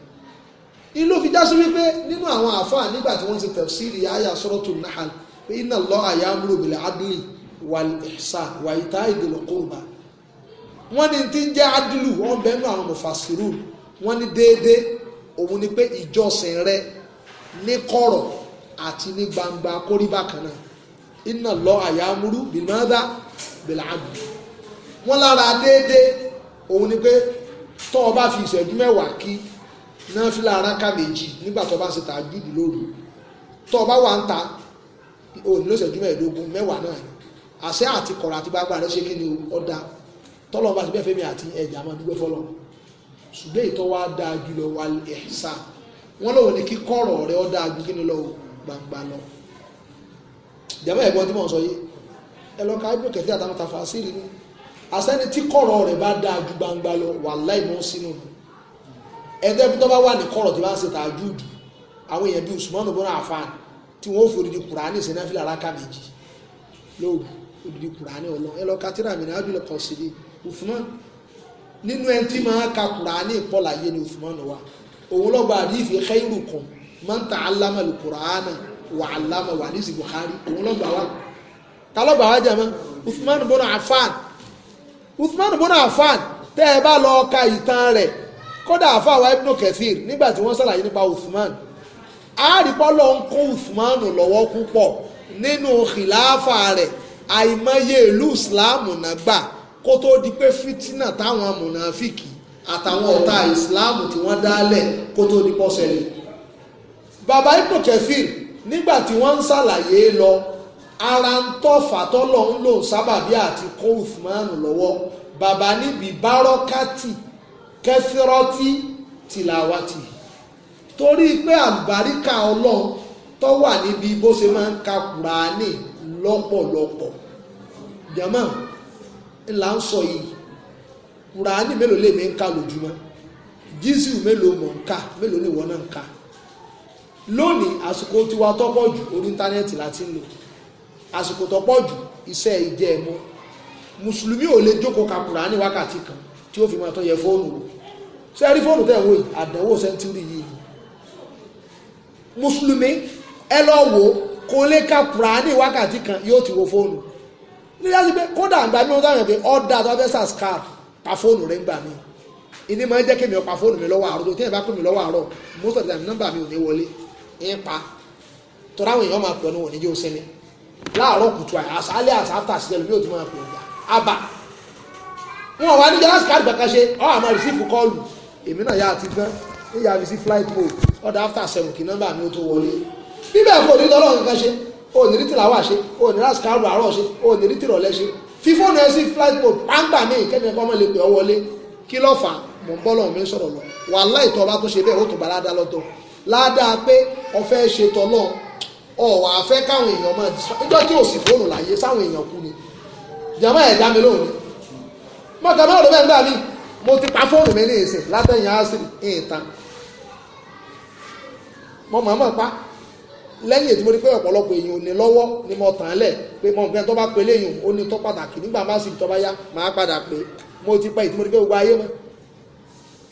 S1: inú fi jásí wípé nínú àwọn àfáà nígbà tí wọ́n ti tafsiri àyà suratul Nahl pé inna Allaha ya'muru bil adli wal-ihsan wa ita'i dhil qurba wọ́n ní ti ń jẹ́ adilu wọ́n bẹ́ẹ̀ nù àwọn mufasirun wọ́n ní déédéé òun ni pé ìjọsìn rẹ ní kọ̀rọ̀ àti ní gbangba kórìbà kan náà inna Allaha ya'muru bil-madha bil-'adl wọ́n lára déédéé òun ni pé tọ́ ọ bá fi ìṣẹ́jú mẹ́wàá kí náà fi lára ká méjì nígbà tó bá ń ṣe tàájúdù lóru tọ́ ọ bá wà ń ta òun ló ṣẹ́jú mẹ́ẹ̀ẹ́dógún mẹ́wàá náà ni àṣẹ àti kọ̀rọ̀ àti gbangba rẹ ṣe kí ni ọ̀dà tọ́lọ́ba ti bẹ́ẹ̀ fẹ́mi àti ẹ̀jẹ̀ àmọ́ dúpẹ́ fọlọ́ ṣùgbọ́n ìtọ́ wa dáa jùlọ wà ẹ̀sà wọ́n lòun ní kíkọ́rọ̀ rẹ ọ̀dà ju kí ni lọ gbangba lọ. ìjàmbá ẹ̀gbọ́n tí mò ń sọ yìí ẹ lọ ka ibùdó kẹfì àtàwọn tàfà sí rí ni àṣẹni tí kọ̀rọ̀ rẹ bá dáa ju gbangba lọ wà láì mọ́ sínú ẹgbẹ́ bí tó bá wà ní kọ̀rọ̀ tí bá ń ṣe tàájúdù àwọn èèyàn bíi Usman bọ́nà àfàn tí wọ́n fòrìdì Kùránì sí náfìlà rákà méjì odidi kùránì ọlọ ẹ lọ ka tíra mi náà ábìlẹ̀ kọ́ sí ni Uthman nínú ẹni tí máa ka kùránì pọ́lá yé ni Uthman wa òun lọ́gba àdìfẹ́ khairukum man ta'allama al-Qur'ana wa 'allama wà ní ìsìn Bukhari òun lọ́gba wa ta lọ́gba wa jẹ́mọ́ Uthman ibn Affan Uthman ibn Affan tẹ́ ẹ bá lọ ka ìtàn rẹ̀ kódà àfàwà ibn Kathir nígbà tí wọ́n sàlàyé nípa Uthman àárìpọ́ lọ ń kó Uthman lọ́wọ́ púpọ̀ nínú khilafa rẹ̀ àìmọye ìlú ìsìláàmù náà gbà kó tó di pé fìtínà táwọn mùnàfíkì àtàwọn ọ̀tá ìsìláàmù tí wọ́n dálẹ̀ kó tó di pọ́ ṣẹlẹ̀ bàbá ipò kẹfìn nígbà tí wọ́n ń ṣàlàyé lọ ara ń tọ́ fàtọ́lọ̀ ń lò sábàbí àti kó Uthman lọ́wọ́ bàbá níbi bárọ́kátì kẹfìrọ́tì tìlàwátì torí pé àlùbáríkà ọlọ́run tó wà níbi bó ṣe máa ń ka kùránì lọ́pọ̀lọpọ̀ jama ńlá ń sọ yìí kùránì mélòó lèmi ń ka lójúmọ́ jísù mélòó mọ̀ ń ka mélòó lèwọ́ náà ń ka lónìí àsìkò tiwa tọ́pọ̀ jù orí íńtánẹ́ẹ̀tì láti ń lò àsìkò tọ́pọ̀ jù iṣẹ́ ìjẹ́ ẹ̀mú mùsùlùmí ò lè jókòó ka kùránì wákàtí kan tí ó fi máa tán yẹ fóònù wò sẹ́rí fóònù tẹ̀ wò yìí àdánwò sẹ́ńtúrì yìí mùsùlùmí ẹ lọ́ wò ó kò lè ka kùránì wákàtí kan yóò ti wo fóònù nígbà tí pé kódà àgbà mi wọn sábà pé ọ̀dà tó fẹ́ sàskà pa fóònù rẹ̀ gbà mí ìní máa ń jẹ́ kí mi pa fóònù mi lọ́wọ́ àárọ̀ tó tẹ́yìn bá pè mí lọ́wọ́ àárọ̀ most of the time nọ́mbà mi ò ní wọlé ń pa tọ́ra àwọn èèyàn máa pè ọ́nà òní jẹ́ òsínmi láàárọ̀ kùtù àṣálẹ́ àṣáfà sílẹ̀ lómi ò ti máa pè ọ́nà àbà wọn wà níjà láti káàdì kankan ṣe ọ àmọ́ rìsífù kọ́ọ̀lù èmi náà yà á ti gbọ́n ń yà rìsífù flight mode ọ̀dà after seven kì nọ́mbà mi ò tó wọlé
S2: bíbẹ̀ kò ní tọ́lọ́ nǹkan ṣe
S1: o ní rí tìlàwà ṣe o ní rásìkàrù àárọ̀ ṣe o ní rí tìrọ̀lẹ́ ṣe fífóònù ẹ sí flight mode pàǹgbà mi kẹ́ni ẹ̀kọ́ mọ́lẹ̀ pé ọ wọlé kí ló fà mò ń bọ́lọ̀ mi sọ̀rọ̀ lọ wàláhì tó bá tó ṣe bẹ́ẹ̀ ó tó bá ládàá lọ́tọ̀ ládàá pé ọ fẹ́ ṣe tọ́lọ́ ọ wà á fẹ́ káwọn èèyàn máa ìjọ tí ò sì fóònù láyé sáwọn èèyàn kú ni jàmá ẹ̀ dá mi lóhùn mọ̀tà mọ́ ọ̀rọ̀ bẹ́ẹ̀ ń mo ti pa fóònù mi ní ìsìn látẹ̀yìn àásìrì ìtàn mo mọ̀ mọ̀ pa lẹ́yìn ètò mo rí pé ọ̀pọ̀lọpọ̀ èèyàn ò ní lọ́wọ́ ni mo tàn án lẹ̀ pé mo nǹkan tó bá pe léyìn ó ní tó pàtàkì nígbà má sì tó bá yá máa padà pé mo ti pẹ́ ètò mo rí pé gbogbo ayé mọ́.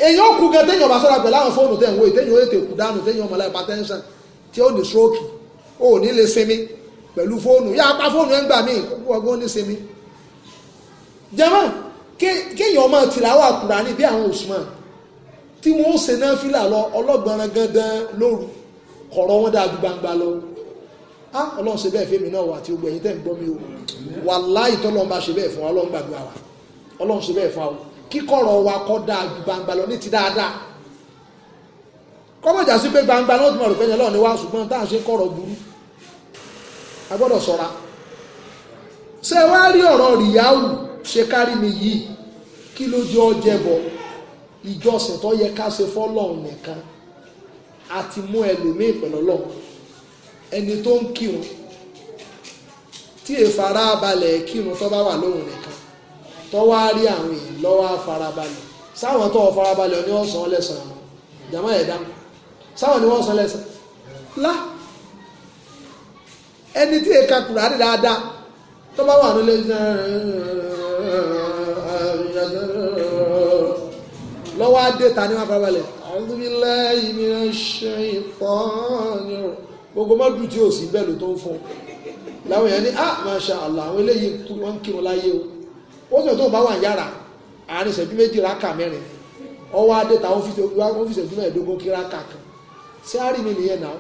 S1: èèyàn kú gan téèyàn bá sọ́ra pẹ̀lú àwọn fóònù tẹ̀ ń wo téèyàn ó lè tèkú dànù téèyàn ọmọ láìpa tẹ́ńsán tí ó ní stroke ó ní lè sinmi pẹ̀lú fóònù yá apá fóònù ẹ̀ ń gbà míì ọgbọ́n ní sinmi. jẹ́mọ́ kéèyàn máa tìlàwà Kùránì bí àwọn Usman tí wọ́n ó ṣe náà ọ̀rọ̀ wọn dáa ju gbangba lọ á ọlọ́run ṣe bẹ́ẹ̀ fẹ́mi náà wà àti ogun ẹ̀yin tẹ́ ń gbọ́ mi o wàláhì tọ́lọ́run bá ṣe bẹ́ẹ̀ fún wa ọlọ́run gbàdúrà wa ọlọ́run ṣe bẹ́ẹ̀ fún wa kíkọ̀rọ̀ wa kọ́ dáa gbangba lọ ní ti dáadáa kọ́mọ̀jà sí pé gbangba náà ti mọ̀ rò pé ọlọ́run ni wá ṣùgbọ́n táà ṣe kọ̀rọ̀ burú a gbọ́dọ̀ ṣọ́ra ṣe wá rí ọ̀rọ̀ rìyáwù ṣe kárí mi yìí kí ló jẹ́ ọjẹ́ bọ̀ ìjọsìn tó yẹ ká ṣe fọ́lọ́run nìkan àti mú ẹlòmíì pẹ̀lú ọlọ́run ẹni tó ń kírun tí ìfarabalẹ̀ kírun tó bá wà lóhùn nìkan tó wá rí àwọn èèyàn lọ́wọ́ afarabalẹ̀ sáwọn tó farabalẹ̀ ni wọ́n san lẹ́sàn-án jàmọ́ ẹ̀dá sáwọn ni wọ́n san lẹ́sàn-án lá ẹni tí èka kùràdì dáadáa tó bá wà nílé lọ́wọ́ adé ta ni wọ́n farabalẹ̀ a'udhu billahi minash shaitani gbogbo mọ́dù tí ò sí bẹ́ẹ̀lù tó ń fún láwọn èèyàn ní ah masha allah àwọn eléyìí wọ́n ń kírun láyé o ó sì tó bá wà yára àárín ìṣẹ́jú méjì ráka mẹ́rin ọwọ́ adéta ọ́fíìsì ìṣẹ́jú mẹ́ẹ̀ẹ́dógún kí ráka kan sí àárín mi nìyẹn náà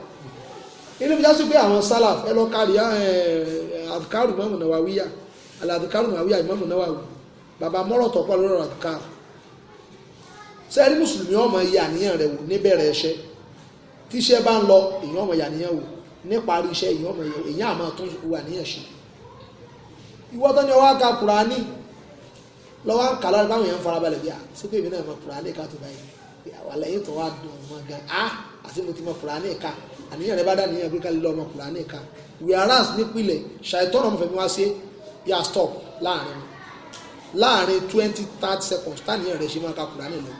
S1: inú fi já sí pé àwọn salaf ẹ lọ kárí àdìkárù mọ́mù náwà wíyà àlàdìkárù náwà wíyà ìmọ́mù náwà wí bàbá mọ́rọ̀ tọ́pọ̀ lórí àdìkárù sẹ́rí mùsùlùmí ọmọ iye àníyàn rẹ̀ wò níbẹ̀rẹ̀ iṣẹ́ tíṣẹ́ bá ń lọ èyàn ọmọ iye àníyàn wò níparí iṣẹ́ èyàn ọmọ iye èyàn àmọ́ tó wà níyàn ṣe ìwọ tó ní ọwọ́ ká kùránì lọ́wọ́ ń kà lọ́rọ̀ báwọn èèyàn ń farabalẹ̀ bí sípò èmi náà mọ kùránì ká tó báyìí wà lẹ́yìn tó wá dùn ọmọ gan ah àti mo ti mọ kùránì ká àníyàn rẹ bá dà níyàn pé ká lílọ ọmọ kùránì stop láàrin láàrin twenty third seconds táníyàn rẹ ṣe máa ka kùránì lọ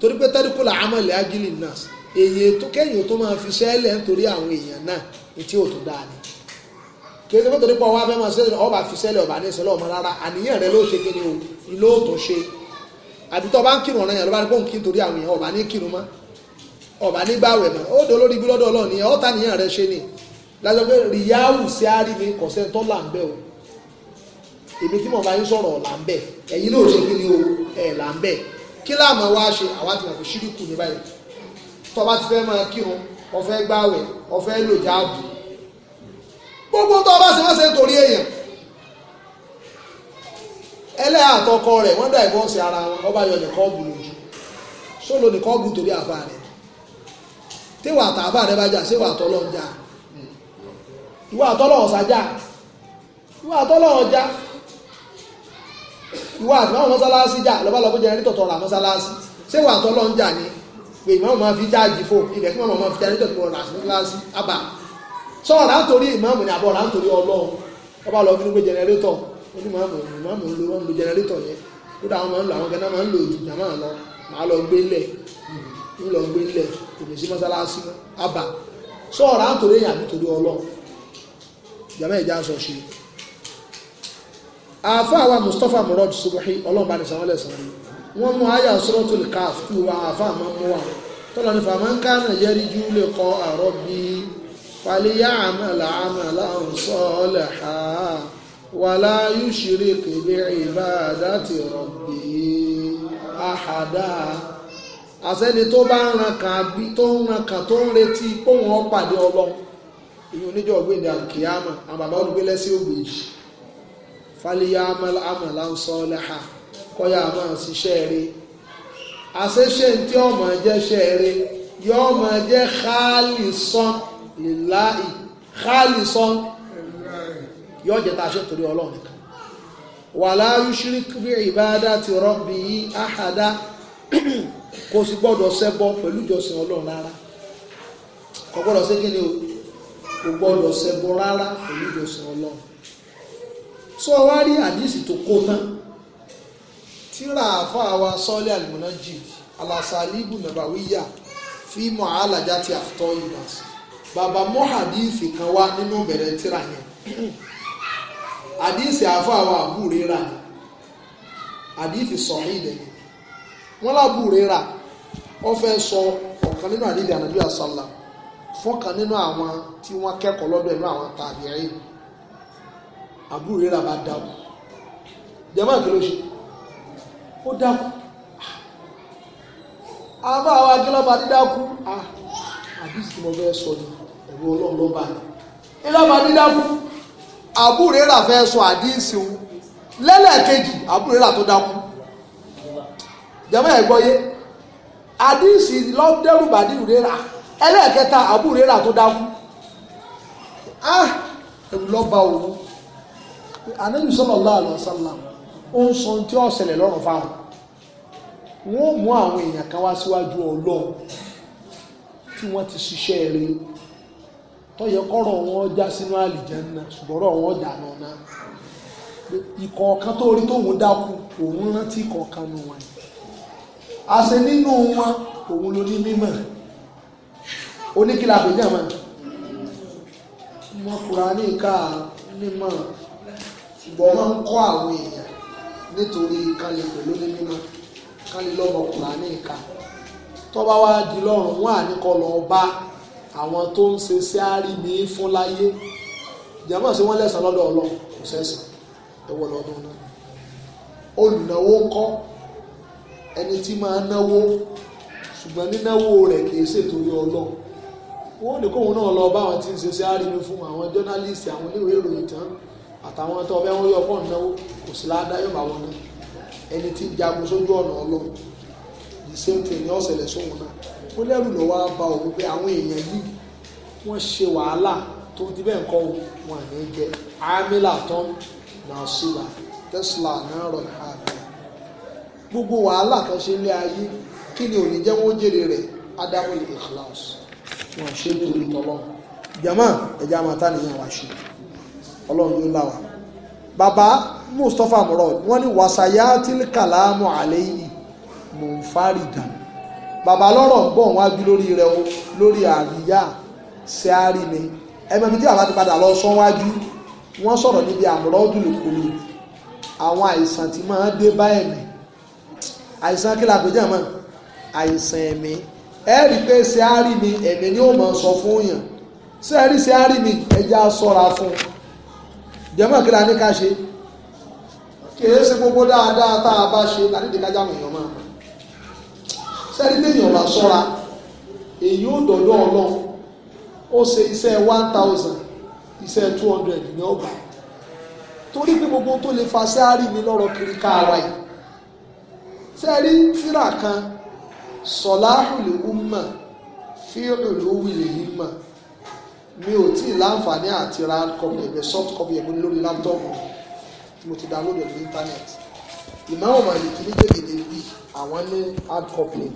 S1: torí pé tẹ́lifùlà amọ̀lẹ̀ ajílì náà èyí tó kẹ́yìn tó máa fi sẹ́lẹ̀ nítorí àwọn èèyàn náà etí ò tó dáa ni kí ẹsẹ̀ fọ́tò nípa ọwọ́ afẹ́ máa sẹ́lẹ̀ ọba fi sẹ́lẹ̀ ọba ní ìsẹ́lẹ̀ ọmọ rárá àníyàn rẹ ló ṣe kí ni o ló tó ṣe àbí tó bá ń kírun ọ̀ràn yẹn ló bá ní pọ́ùn kí nítorí àwọn èèyàn ọba ní kírun mọ́ ọba ní gbàwẹ̀ mọ́ ó dò lórí ibi lọ́dọ̀ ọlọ́run kí láàmú wá ṣe àwa ti mọ̀ pé ṣíríkù ní báyìí tó bá ti fẹ́ máa kírun ó fẹ́ gbààwẹ̀ ó fẹ́ lò jáàbù gbogbo tó bá ṣe wọ́n ṣe torí èèyàn ẹlẹ́yà àtọkọ rẹ̀ wọ́n dá ìbọ́ọ̀sì ara wọn ọba yọ nìkan ọ̀bù lójú sólò nìkan ọ̀bù torí àfa rẹ̀ tíwà àtàbà rẹ̀ bá jà síwà àtọ́lọ́ ọjà ìwà àtọ́lọ́ ọ̀sà jà ìwà àtọ́lọ́ ọjà ìwà àti máwọn mọ́sálásí jà lọ́ba lọ́gbọ́ jẹnẹrétọ̀ tọrọ àmọ́sálásí ṣé wà tọ́ lọ́n jà ni pé ìmọ̀ máa fi jáàjì fò ibẹ̀ kí wọ́n máa fi jẹnẹrétọ̀ tọrọ àmọ́sálásí àbà sọ̀rọ̀ àtòrí ìmáàmù ni àbọ̀ àtòrí ọlọ́run lọ́ba lọ́ fi ń gbé jẹnẹrétọ̀ onímọ̀ọ́mù ìmọ̀ọ́mù ló wọ́n lo jẹnẹrétọ̀ yẹn kódà àwọn máa ń lo àwọn gánà máa ń lo òjò jàmá lọ màá lọ gbé lẹ̀ ń lọ gbé lẹ̀ kò ní sí mọ́sálásí àbà sọ̀rọ̀ àtòrí èèyàn àbí tòrí ọlọ́run jàmá ìjà sọ̀ ṣe àáfà wa Mustapha Murad Subuhi ọlọ́run bá ní sanwó lẹ́sàn án wọ́n mú àyà Suratul Kahf tí wọ́n àáfà máa mú wa tọ́lọ́ ní faman kana yarju liqa rabbi falya'mal 'amalan salihan wala yushrik bi'ibadati rabbi ahada àṣẹ́ni tó bá ń ran kàn bí tó ń ran kàn tó ń retí pé wọ́n ọlọ́run ìyẹn oníjọ́ ọ̀gbìn ní àkíyàmà àwọn bàbá fàlíyà àmàlà ń sọ lẹ́hà kọ́yà máa ṣiṣẹ́ rí àṣeṣe tí ọmọ jẹ́ ṣẹ́ẹ̀rẹ́ yóò máa jẹ́ khalisan lillahi khalisan yóò jẹ́ tá a ṣe torí ọlọ́run nìkan wala yushrik bi ibadati rabbi ahada kò sì gbọ́dọ̀ ṣẹbọ pẹ̀lú ìjọsìn ọlọ́run rárá kò gbọ́dọ̀ ṣe o kò gbọ́dọ̀ ṣẹbọ rárá pẹ̀lú ìjọsìn ọlọ́run sọ wá rí àdìsí tó kó tán tíra àfa àwa sọ́ọ́lì àlùmọ́nà jì alásàlíbù nàbàwíyà fíìmù àhàlàjà ti àtọ́ ìgbàsí bàbá mú àdìsí kan wá nínú bẹ̀rẹ̀ tíra yẹn àdìsí àfa àwa àbúrè rà ní àdìsí sọ̀hìn lẹ́yìn wọ́n lábúrè rà ó fẹ́ sọ ọ̀kan nínú àdìsí ànàbíyà sálà fún kan nínú àwọn tí wọ́n kẹ́kọ̀ọ́ lọ́dọ̀ ẹ̀ nínú àwọn tàbí ẹ̀yìn àbúrò rẹ̀ bá dákú jẹ́mọ́ kí ló ṣe ó dákú àbá àwọn akílọ́ba dídákú ah, àdìsí tí mo fẹ́ sọ ni ẹ̀rọ ọlọ́run ló bá mi ìlọ́ba dídákú àbúrò rẹ̀ fẹ́ sọ àdìsí òun lẹ́lẹ́ẹ̀kejì àbúrò rẹ̀ tó dákú jẹ́mọ́ ẹ̀ gbọ́ yé àdìsí lọ́dẹ́rùbà àbúrò rẹ̀ tó dákú ah, ẹ̀rù lọ́ba òun anabi sallallahu alaihi wasallam ó ń sọ tí ó ṣẹlẹ̀ lọ́rùn fáwọn wọ́n mú àwọn èèyàn kan wá síwájú ọlọ́run tí wọ́n ti ṣiṣẹ́ rẹ̀ tọ́yẹ kọ́rọ̀ wọn já sínú àlìjẹ́nà ṣùgbọ́rọ̀ wọn jà lọ́nà ìkọ̀ọ̀kan tó rí tóun dákú òun rántí ìkọ̀ọ̀kan nu wọn àṣẹ nínú wọn òun ló ní mímọ̀ oníkìlà àpèjẹ́ mọ́ wọn kùrà ní ìka mímọ̀ ṣùgbọ́n máa ń kọ́ àwọn èèyàn nítorí kan lè pè lóní mímọ́ kan lè lọ́mọ kùránì ìka tó bá wá di lọ́rùn wọn à ní kọ́ lọ bá àwọn tó ń ṣe sí àrími fún láyé jàmọ́ sí wọ́n lẹ́sàn lọ́dọ̀ ọlọ́run kò sẹ́sàn ẹwọ́ lọ́dún náà olùnáwó kọ́ ẹni tí máa náwó ṣùgbọ́n nínáwó rẹ̀ kìí ṣètòrí ọlọ́run wọ́n ní kóun náà lọ bá àwọn tí ń ṣe sí àrími fún àwọn jọ́nálìsì àwọn oníwèé ìròyìn tán àtàwọn tó ọbẹ̀ wọn yọ ọpọ́ náwó kò sí ládá yóò bá wọn ní ẹni tí jagun sójú ọ̀nà ọlọ́run the same thing ní ọ̀sẹ̀lẹ̀ sóhun náà ó lẹ́rù lọ wá bá òun pé àwọn èèyàn yìí wọ́n ṣe wàhálà tó ti bẹ́ẹ̀ kọ́ wọn ní jẹ amílà tán náà sílà tesla náà rọ̀ ààrẹ gbogbo wàhálà kan ṣe lé ayé kí ni òní jẹ́ jèrè rẹ̀ adamu ikhlas wọn ṣe nítorí tọ́lọ́ jama ẹ̀já máa tá nìyẹn wá ṣe ọlọ́run ló láwa bàbá Mustapha Murad wọ́n ní wàsàyà tìlkàlámù àlẹ́yìn mùfàrìdàn bàbá lọ́rọ̀ ń bọ̀ wá bí lórí rẹ o lórí àríyá ṣe á rí mi ẹgbẹ́ mi tí bàbá ti padà lọ sọ wájú wọ́n sọ̀rọ̀ níbi àmúrọ́dùn ìkòlù àwọn àìsàn tí máa dé bá ẹ̀mí àìsàn kí la pè mọ́ àìsàn ẹ̀mí ẹ rí pé ṣe á ẹ̀mí ni ó mọ̀ sọ fún yàn ṣe é rí ẹja sọ́ra fún un jẹ́mọ̀ kí la ní ká ṣe kìí ṣe gbogbo dáadáa tá a bá ṣe láti kájà àwọn èèyàn máa sẹ́ni téèyàn bá sọ́ra èyí ò dọ̀dọ̀ ọlọ́run ó ṣe iṣẹ́ one thousand iṣẹ́ two hundred ní ọgbà torí pé gbogbo tó lè fa sáárì mi lọ́rọ̀ kiri ká wa yìí sẹ́rí tíra kan sọ̀láhùn lè hùmà fíìrù ló wì lè hùmà mi ò tí ì láǹfààní àti ra hard copy ẹ̀bẹ̀ soft copy ẹ̀bẹ̀ lórí laptop tí mo ti download ẹ̀ lórí internet ìmáwò màlìkì ní gbèdéde bí àwọn ní hard copy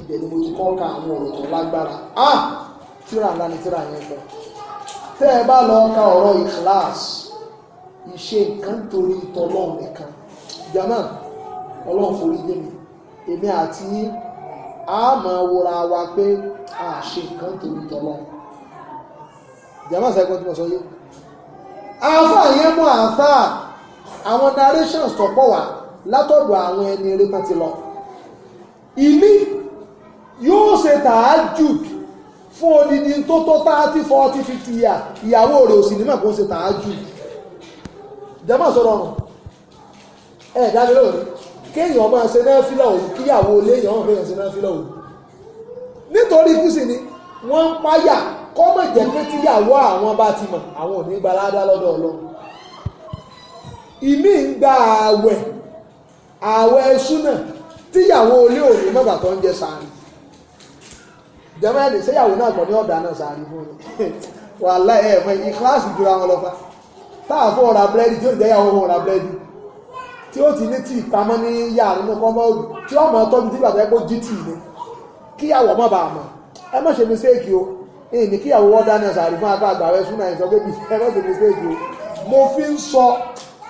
S1: ibẹ̀ ni mo ti kọ́ ka àwọn ọ̀rọ̀ tó lágbára ah tíra ńlá ni tíra yẹn gbọ́ tẹ́ ẹ bá lọ ka ọ̀rọ̀ ìkíláàs ìṣe nǹkan torí tọlọ́run nìkan jama ọlọ́run forí dé mi èmi àti yín a máa wòra wa pé a ṣe nǹkan torí tọlọ́run jàmbá sẹ́kọ̀ọ́ tí mo sọ yé àáfàá yẹn mú àáfàá àwọn narrations tó pọ̀ wá látọ̀dọ̀ àwọn ẹni eré kan ti lọ ìmí yóò ṣe tààjùd fún odidi tó tó thirty forty fifty year ìyàwó rẹ̀ ò sì ní mẹ́kọ̀ọ́ ṣe tààjùd jàmbá sọ̀rọ̀ ọ̀run ẹ̀ dáre lóore kéèyàn máa ṣe náà fílà òru kíyàwó léèyàn ọ̀rẹ́ yẹn ṣe náà fílà òru nítorí kùsì ni wọ́n ń páyà kọ́mọ̀ jẹ́ pé tíyàwó àwọn bá ti mọ̀ àwọn ò ní gba ládá lọ́dọ̀ ọlọ́run ìmí ń gba ààwẹ̀ ààwẹ̀ súnà tíyàwó olé òní mọ́gbà tó ń jẹ sàárì jẹ́mẹ́lì séyàwó náà kọ́ ní ọ̀dà náà sàárì fún mi wà láì ẹ̀ fún yìí kíláàsì jura wọn lọ́fà táà fún ọ̀rà búrẹ́dì tí ó jẹ́yàwó fún ọ̀rà búrẹ́dì tí ó ti ní tíì pamọ́ ní yàrá nínú kọ́mọ́ọ̀dù tí ọmọ tọ́jú tí bàbá ẹgbẹ́ jí tíì ní kíyàwó mọ́ bàá mọ́ ẹ má ṣe mistake o ìní kíyàwó wọ́dà náà sàrí fún apá àgbà rẹ súnà ìsọ pé bí ẹ má ṣe mistake o mo fi ń sọ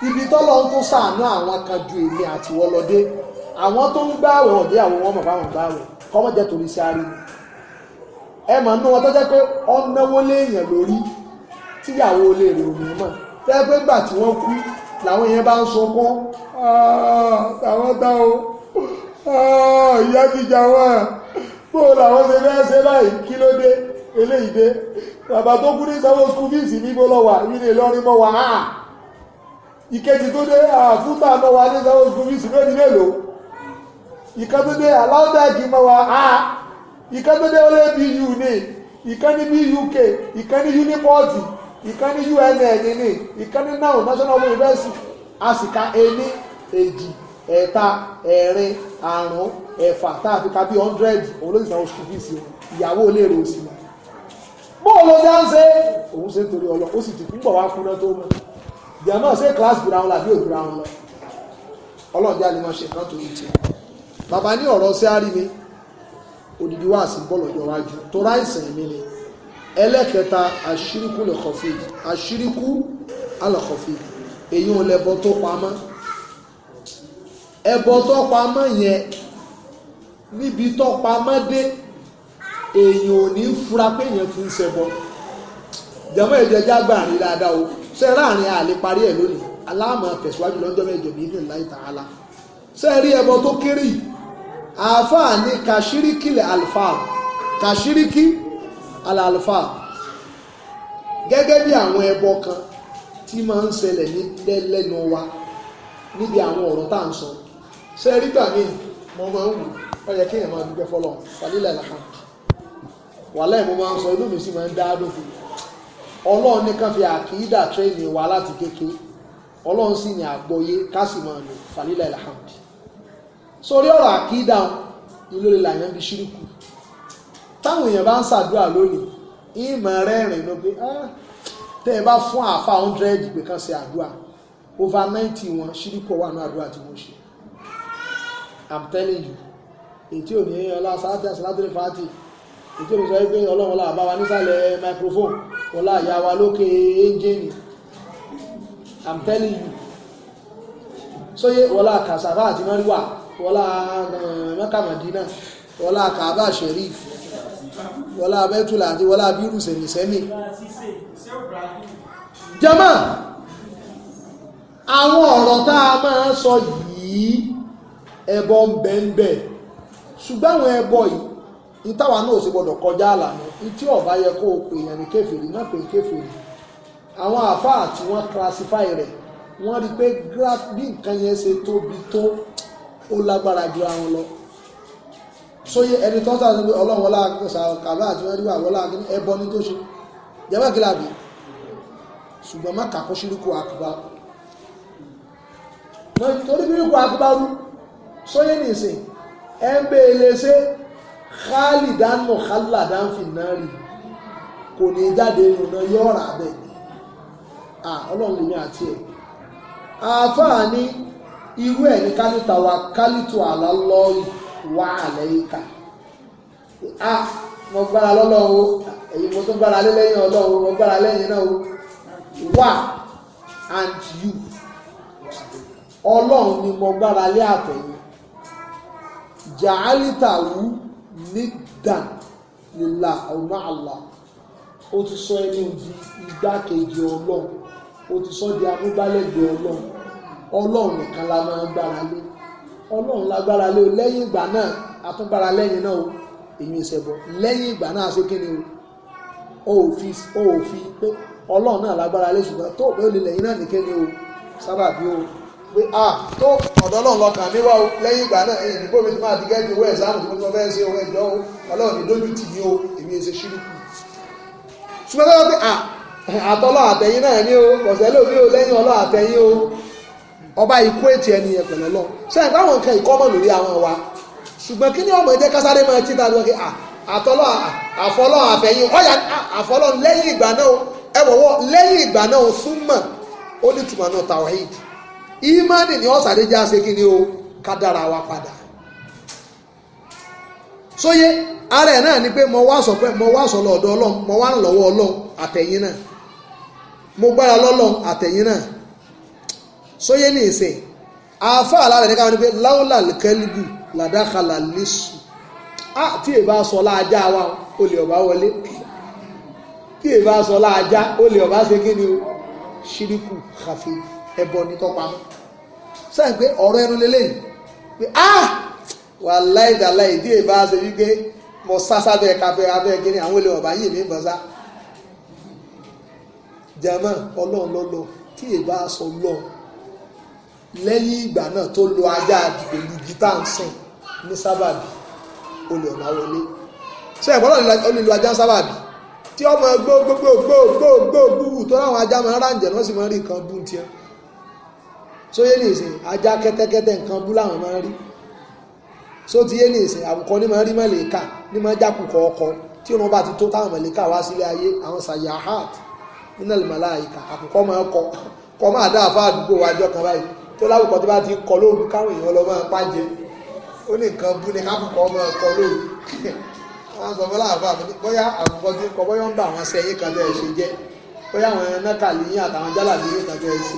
S1: ibi tọ́lọ́ ń tún sàánú àwọn kan ju èmi àti wọlọdé àwọn tó ń gbààwẹ̀ ọ̀dẹ́yàwó wọn mọ̀ báwọn gbààwẹ̀ kọ́mọ̀jẹ́ torí sáré ni ẹ mọ̀ nú wọn tó jẹ́ pé ọ náwó léèyàn lórí tíyàwó olè rè òní mọ̀ tẹ́ pé gbà tí wọ́n kú làwọn yẹn bá ń sunkún ah, àwọn tá o ah, ìyá ti jà wọ́n bóò làwọn ṣe fẹ́ ṣe láì kí ló dé eléyìí dé bàbá tó kú ní sanwó school fees ní bó lọ wà nílé Ìlọrin mọ́ wà á ìkejì tó dé àfúta mọ́ wà ní sanwó school fees lónìí mélòó ìkan tó dé aláwọ̀dàkì mọ́ wà á ìkan tó dé olé bu ní ìkan ní buk ìkan ní unipọ́ọ̀tì ìkan ní unn ní ìkan ní now national university àsìkà ení èjì ẹ̀ta ẹ̀rin àrùn ẹ̀fà tá a fi ka bí hundred òun ló sì sanwó school fees wọn ìyàwó ilé rẹ̀ òsì mọ́ bóun ló dá ń ṣe òun ṣe torí ọlọ ó sì ti kú bọ̀ wá fúnná tó mọ̀ ìyá náà ṣe class gbìra wọn làbí ògbìra wọn lọ ọlọ́ọ̀dẹ́ àlè máa ṣe kan tó yìí tiẹ̀ bàbá ní ọ̀rọ̀ sí àrími odidi wá sí bọ́ọ̀lù ọjọ́ wájú tó ráìsàn mi ni ẹlẹ́kẹta àṣíríkú lẹ́kọ̀fì àṣíríkú alẹ́kọ̀fì èyí ò lẹ́bọ tó pamọ́ ẹbọ tó pamọ́ yẹn níbi tó pamọ́ dé èèyàn ò ní fura pé èèyàn fi ń ṣẹbọ jàmọ́ ẹ̀jẹ̀ jágbà rí dáadáa o ṣe láàrin àlè parí ẹ̀ lónìí aláàmọ̀ tẹ̀síwájú lọ́jọ́ mẹ́jọ bíi ní láì tààlà ṣe rí ẹbọ tó kéré yìí àáfàá ní kàṣíríkì àlùfáà kàṣíríkì àlàlùfáà gẹ́gẹ́ bí àwọn ẹbọ kan tí máa ń ṣẹlẹ̀ ní lẹ́nu wa níbi àwọn ọ̀rọ̀ tá à ń sọ ṣe rí gbà míì mo máa ń wù ó yẹ kéèyàn máa dúpẹ́ fọlọ́ falílẹ̀ làkàn wàláì mo máa ń sọ inú mi sì máa ń dá dófin ọlọ́run ní kan fi àkìídà tírẹ́ẹ̀nì wa láti kékeré ọlọ́run sì ní àgbọ́yé ká sì máa lò falílẹ̀ làkàn sórí ọ̀rọ̀ àkìídà ìlú lè làyàn bí ṣírìkù táwọn èèyàn bá ń ṣàdúrà lónìí ìmọ̀ rẹ́rìn ló pé ah, tẹ́ ẹ bá fún àáfà 100 pé kan ṣe àdúrà over 90 wọn ṣírìkù wà ní àdúrà tí wọ́n ṣe i'm telling you ètí òní ọlá sáájú àsìlátìrì fàátì ètí òní sọ wípé ọlọ́run ọlá àbáwa nísàlẹ̀ microphone ọlá àyà wa lókè ẹ́ńjìnì i'm telling you sóyè ọlá kàṣàfà àti mọ́ríwà ọlá eh, mẹ́kàmọ̀dínà ọlá kàbà sheriff ọlá abẹ́tùlà àti ọlá bírù sẹ̀mìsẹ́mì jama àwọn ọ̀rọ̀ tá a máa sọ yìí ẹbọ ń bẹ ń bẹ ṣùgbọ́n àwọn ẹbọ yìí ní táwa náà ṣe gbọdọ̀ kọjá àlànà ní tí ọba yẹ kó o pè yẹn ní kèfèrí náà pè kèfèrí àwọn àfáà tí wọ́n classify rẹ̀ wọ́n rí i pé bí nǹkan yẹn ṣe tóbi tó ó lágbára ju àwọn lọ sóyè ẹni tó sáà ní ọlọ́run wọlá kàbá àti wọ́n rí wà wọlá ẹbọ ní tó ṣe jẹ́wọ́ gíláàbì ṣùgbọ́n má kàkó ṣíríkù àkùbá torí bí ríkù àkùbá rú sóyè nìsín ẹ ń bẹ́ eléṣe khalidan mukhaladan finnari kò ní jáde nùnà yọ̀ọ̀rà bẹ́ẹ̀ ọlọ́run lèmi àti ẹ̀ àáfàá irú ẹ̀ ní kálítà wa kálítù àlá wà lẹ́yìnká a mọ gbára lọ́lọ́run èyí mo tó gbára lé lẹ́yìn mo gbára náà wà and you ni mo gbára jàálítàwù nídà lílà ọ̀nà àlà ó ti sọ ẹni di igbákejì ọlọ́run ó ti sọ di amúgbálẹ́gbẹ̀ẹ́ ọlọ́run ọlọ́run nìkan la máa ń gbára lé ọlọ́run lágbára lé o lẹ́yìn ìgbà náà atúngbára lẹ́yìn náà o èyí ń ṣẹbọ lẹ́yìn ìgbà náà ṣé kí ni o ò fi ò fi pé ọlọ́run náà lágbára lé ṣùgbọ́n tó o lè lẹ́yìn náà nìkan ni o sábàbí o pé a tó ọ̀dọ́ ọlọ́run lọ́kàn mi wá o lẹ́yìn ìgbà náà èyí nígbò mi ti máa ti gẹ́ẹ̀tì owó ẹ̀sáàmù tí mo ti fẹ́ ṣe owó ẹ̀jọ́ o ọlọ́run ní dójú tì ní o èmi ẹ̀ṣẹ̀ ṣírùkù. ṣùgbọ́n tó yẹ pé àtọ́lọ́ àtẹ̀yìn náà ni o kọ̀sẹ́ lómi o lẹ́yìn ọlọ́ àtẹ̀yìn o ọba ikú ètì ẹni yẹn pẹ̀lú ọlọ́ sẹ́yìn táwọn nǹkan ìkọ́mọ̀ lórí àwọn wa ṣùgbọ́n kí ni ọmọ ẹ̀jẹ̀ kásáré máa ti ta lọ kí àtọ́lọ́ àfọlọ́ àfẹ̀yìn ọ̀yà àfọlọ́ lẹ́yìn ìgbà náà ẹ̀wọ̀wọ́ lẹ́yìn ìgbà náà súnmọ̀ ó ní tùmọ̀ náà tàwáhídì ìmánì ni ọ̀sàdé já ṣe kí ni o ká dára wa padà sóyè ara ẹ̀ náà ni pé mo wá sọ pé mo wá sọ lọ́dọ̀ ọlọ́run mo wá ràn lọ́wọ́ ọlọ́run àtẹ̀yìn náà mo gbára lọ́lọ́run àtẹ̀yìn náà sóyè ní ìsìn àáfà alára ẹ̀ka wọn ni pé láwùlà kẹlíbù làdákàlà lẹ́sù tí èèbá sọ láàjá wa ó lè ọba wọlé tí èèbá sọ láàjá ó lè ọba ṣe kí ni o ṣíríkù kàfíì ẹbọ ní tọpamọ sẹ́yìn pé ọ̀rọ̀ ẹnu lélẹ́yìn pé ah wà láìdá láìdí èbá ṣe wípé mo sásá bẹ́ẹ̀ káfẹ́ abẹ́ kí ni àwọn olè ọ̀bá yìí mi bọ́sá jẹ́mọ́ ọlọ́run lọ́lọ́ tí èbá sọ lọ lẹ́yìn ìgbà náà tó lo ajá pẹ̀lú gítà ń sìn ní sábàbí olè ọ̀bá wọlé sẹ́yìn bọ́lá olè lo ajá ń sábàbí tí ọmọ gbogbogbogbogbogbogbò tó láwọn ajá máa ń ráǹjẹ̀ lọ́sìn máa ń rí nǹkan bú tiẹ̀ so yé nìsín ajá kẹ́tẹ́kẹ́tẹ́ nǹkan bú làwọn máa ń rí so ti yé nìsín àbùkọ ní máa ń rí mọ̀lẹ́kà ní máa ń jákùkọ ọkọ tí wọn bá ti tó táwọn mọ̀lẹ́kà wá sílé ayé àwọn sàyà heart nínú ìmọ̀lá àyíká àkùkọ máa kọ kọ máa dá àfa àdúgbò wájọ kan báyìí tó láwùkọ tó bá ti kọ lóru káwọn èèyàn lọ máa pàjẹ ó ní nǹkan bú ni kákùkọ máa kọ lóru wọn sọ fọlá àfa bóyá àkùkọ ti kọ bóyá ń bá àwọn sẹyìn kan tẹ ẹ ṣe jẹ bóyá àwọn nákàlíyìn àtàwọn jálàbíyìn kan tẹ ẹ ṣe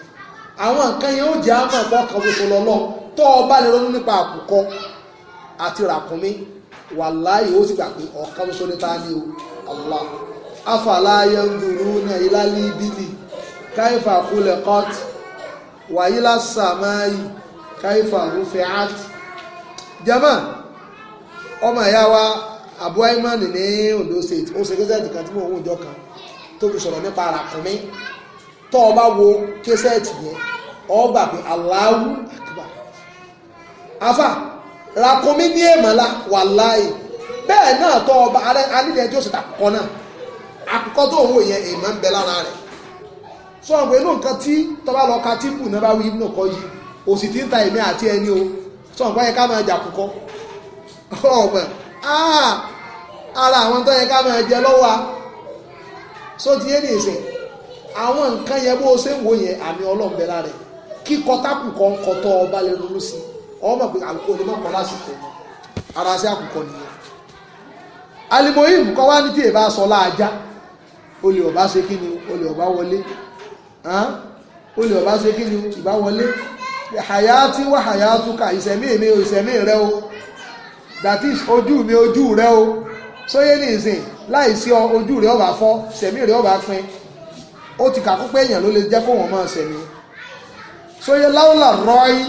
S1: àwọn nǹkan yẹn ó jẹ́ àmọ́ ẹ̀kọ́ kan ṣoṣo lọ́lọ́ tó o bá lè ronú nípa àkùkọ àti ràkúnmí wàláyé ó sì gbà pé ọ̀kan ṣoṣo ní tání o Allah afàlàyé ń dùrú ní ìlàlí bíbí káyífà kúlẹ̀ kọ́t wàyí lásàmáyì káyífà rúfẹ́ át jama ọmọ ìyá wa abu aiman ní Ondo state ó ṣe gẹ́gẹ́ kan tí mo ń wò jọ kan tó fi sọ̀rọ̀ nípa ràkúnmí tó wo késẹ́ẹ̀tì yẹn ọ gbà pé Allahu afa lakomi ní èèmọ̀lá wàláì bẹ́ẹ̀ náà o bá alílẹ̀ tí ó náà àkọ́kọ́ tó òun yẹn èèmọ̀ ń bẹ lára sọ inú nǹkan tí ka tipu náà bá wí ibùnà kọ́ yìí òsì tí ń ta èmi àti o sọ pé yẹ ká máa jà ara àwọn tó yẹ ká máa jẹ a sọ ti yé ní àwọn nǹkan yẹn bó o ṣe ń wò yẹn àmì ọlọ́run bẹ lára rẹ̀ kíkọ tákù kọ́ ń kọ́ tọ́ ọba lè ronú sí ọmọ pé àlùkò lè má kọ́ lásìkò ara sí àkùkọ nìyẹn alimoyim kọ́ wá ní tí èbá sọ láàjá olè ọba ṣe kí ni olè ọba wọlé olè ọba ṣe kí ni ìbá wọlé hayati wa hayatuka ìsẹ̀mí mi o ìsẹ̀mí rẹ o that is ojú mi ojú rẹ o sóyé ní ìsìn láìsí ojú rẹ ọba fọ́ ìsẹ̀mí rẹ ọba pin ó ti kà kópa èèyàn ló lè jẹ́ kó wọ́n máa sẹ̀mí sóyè láwùlà rọ́ọ̀yì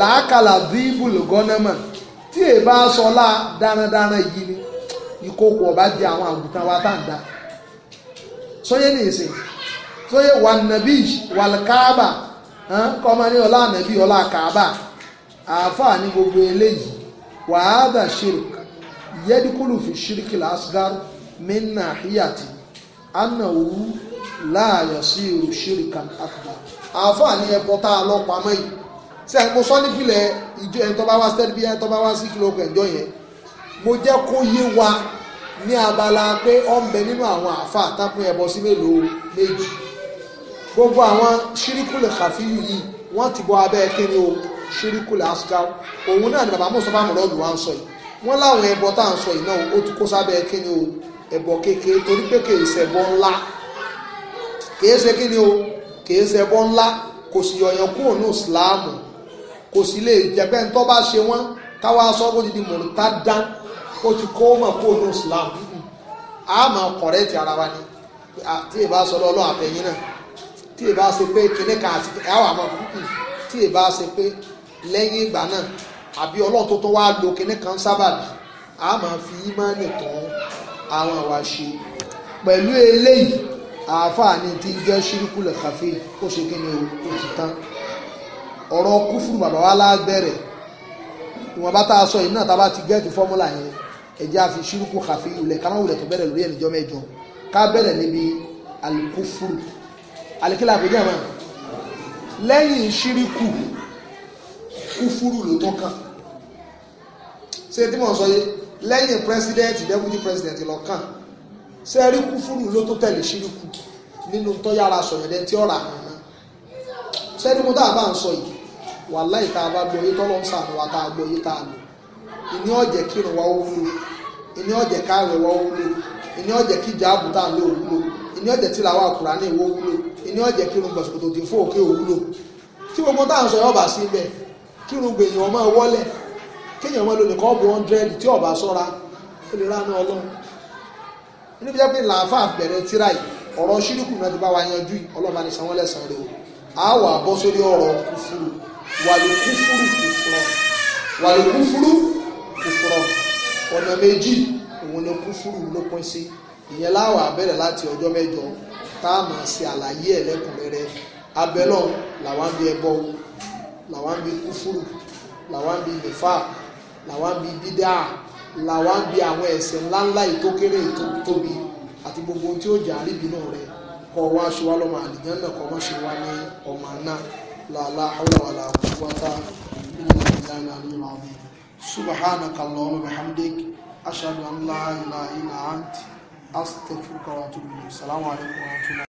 S1: làákàlà dìbò lọ́gọ́nẹ́mọ̀ tí èè bá sọ lá dáradára yìí ni ìkókò ọba jẹ àwọn àgùntàn wa tá à ń da sóyè ní ìsìn sóyè wà nàbí wàlkáàbà kọ́mọ ní ọlá nàbí ọlá kàábà àáfàá ní gbogbo eléyìí wàhádà shirk yẹ́díkùlù fi shirk lásgàr mí nàhíyàtì ànà òwú láàyọ̀ sí irú ṣíríkà àkùbà àfààní ẹbọ tá a lọ pamọ́ yìí sí àpò sọ́nípìlẹ̀ ìjọ ẹni tó bá wá sẹ́ẹ̀dì bí ẹni tó bá wá sí kìlọ̀ ọkọ̀ ẹ̀jọ́ yẹn mo jẹ́ kó yé wa ní abala pé ó ń bẹ nínú àwọn àfa àtàkùn ẹbọ sí mélòó méjì gbogbo àwọn ṣíríkùlẹ̀ kàfíyù yìí wọ́n ti bọ́ abẹ́ kíni o ṣíríkùlẹ̀ asukau òun náà ni bàbá mùsùlùmá mùrọ̀lù wa ń sọ yìí wọ́n láwọn ẹbọ tá ń sọ yìí náà ó ti kó sábẹ́ kíni o ẹbọ kékeré torí pé kèé ṣẹbọ ńlá kìí ṣe kí ni o kìí ṣe ẹbọ ńlá kò sì yọ̀yàn kúrò ní ìsìláàmù kò sì lè jẹ́pẹ́ ń tọ́ bá ṣe wọ́n káwá sọ bó ti di mọ̀lútà dán ó ti kó mọ̀ kúrò ní ìsìláàmù a máa kọ̀rẹ́ ti ara wa ni tí ì bá sọ lọ́lọ́ àtẹ̀yìn náà tí ì bá ṣe pé kíní kan àti àwọn àmọ́ tí ì bá ṣe pé lẹ́yìn ìgbà náà àbí ọlọ́run tó tó wá lo kíní kan sábàbí a máa fi ímánì tán àwọn àwa ṣe pẹ̀lú eléyìí àáfàá ni ti ń jẹ́ ṣírúkúlẹ̀ kàfé ó ṣe kí ni o ti tán ọ̀rọ̀ kúfùrù bàbá wa lágbẹ̀rẹ̀ ìwọ̀n bá tá a sọ yìí náà tá a bá ti gẹ́ẹ̀tì fọ́múlà yẹn ẹ̀jẹ̀ àfi ṣírúkú kàfé ìwúlẹ̀ ká má wulẹ̀ tó bẹ̀rẹ̀ lórí ẹ̀nìjọ́ mẹ́jọ ká bẹ̀rẹ̀ níbi alikúfùrù alikílà àpèjẹ́ mọ́ lẹ́yìn ṣírúkú kúfùrù ló tó kàn ṣé tí mò sọ yìí lẹ́yìn president deputy president lọ́kàn sẹ́ẹ̀rí kú fúrú ló tó tẹ̀lé ninu nínú tó yára sọ̀yẹ̀dẹ̀ tí ọ̀rà àná sẹ́ẹ̀rí mo dáa bá ń sọ yìí wàláì tá a bá gbọ́ yé tọ́lọ́ ń sàánú wa tá a gbọ́ yé tá a lò ìní ọ̀jẹ̀ wa ó wúlò ìní ọ̀jẹ̀ káàrẹ̀ wa ó wúlò ìní ọ̀jẹ̀ kíjà àbútà lé òwúlò ìní ọ̀jẹ̀ tí làwọn àkùrà ní ìwọ wúlò ìní ọ̀jẹ̀ gbogbo níbi jẹ́ pé làáfà bẹ̀rẹ̀ tíra yìí ọ̀rọ̀ ṣírùkù náà ti bá wa yanjú ọlọ́mọ ní sanwó lẹ́sàn-án rẹ o a wà bọ́ sórí ọ̀rọ̀ kúfúrú wàlúkúfúrú kúfúrọ̀ wàlúkúfúrú kúfúrọ̀ ọ̀nà méjì òun ni kúfúrú ló pín sí ìyẹn láwà bẹ̀rẹ̀ láti ọjọ́ mẹ́jọ tá a máa ṣe àlàyé ẹ̀ lẹ́kùnrẹ́rẹ́ abẹ́lọ̀ làwọn bí ẹbọ làwọn bí kúfúrú làwọn bí nìfà làwọn bí bídà làwa ń bi àwọn ese ńláńlá ètò kéré ètò tóbi àti gbogbo ohun tí ó jà àríbínú rẹ kọ wá ṣe wá lọ́mọ àlìyàn náà kọ́ mọ́ ṣe wá ní ọmọ náà làlá hawla wàlà quwwata illa billahi al-aliyyil azim subhanaka allahumma bihamdik ashhadu an la ilaha illa ant astaghfiruka wa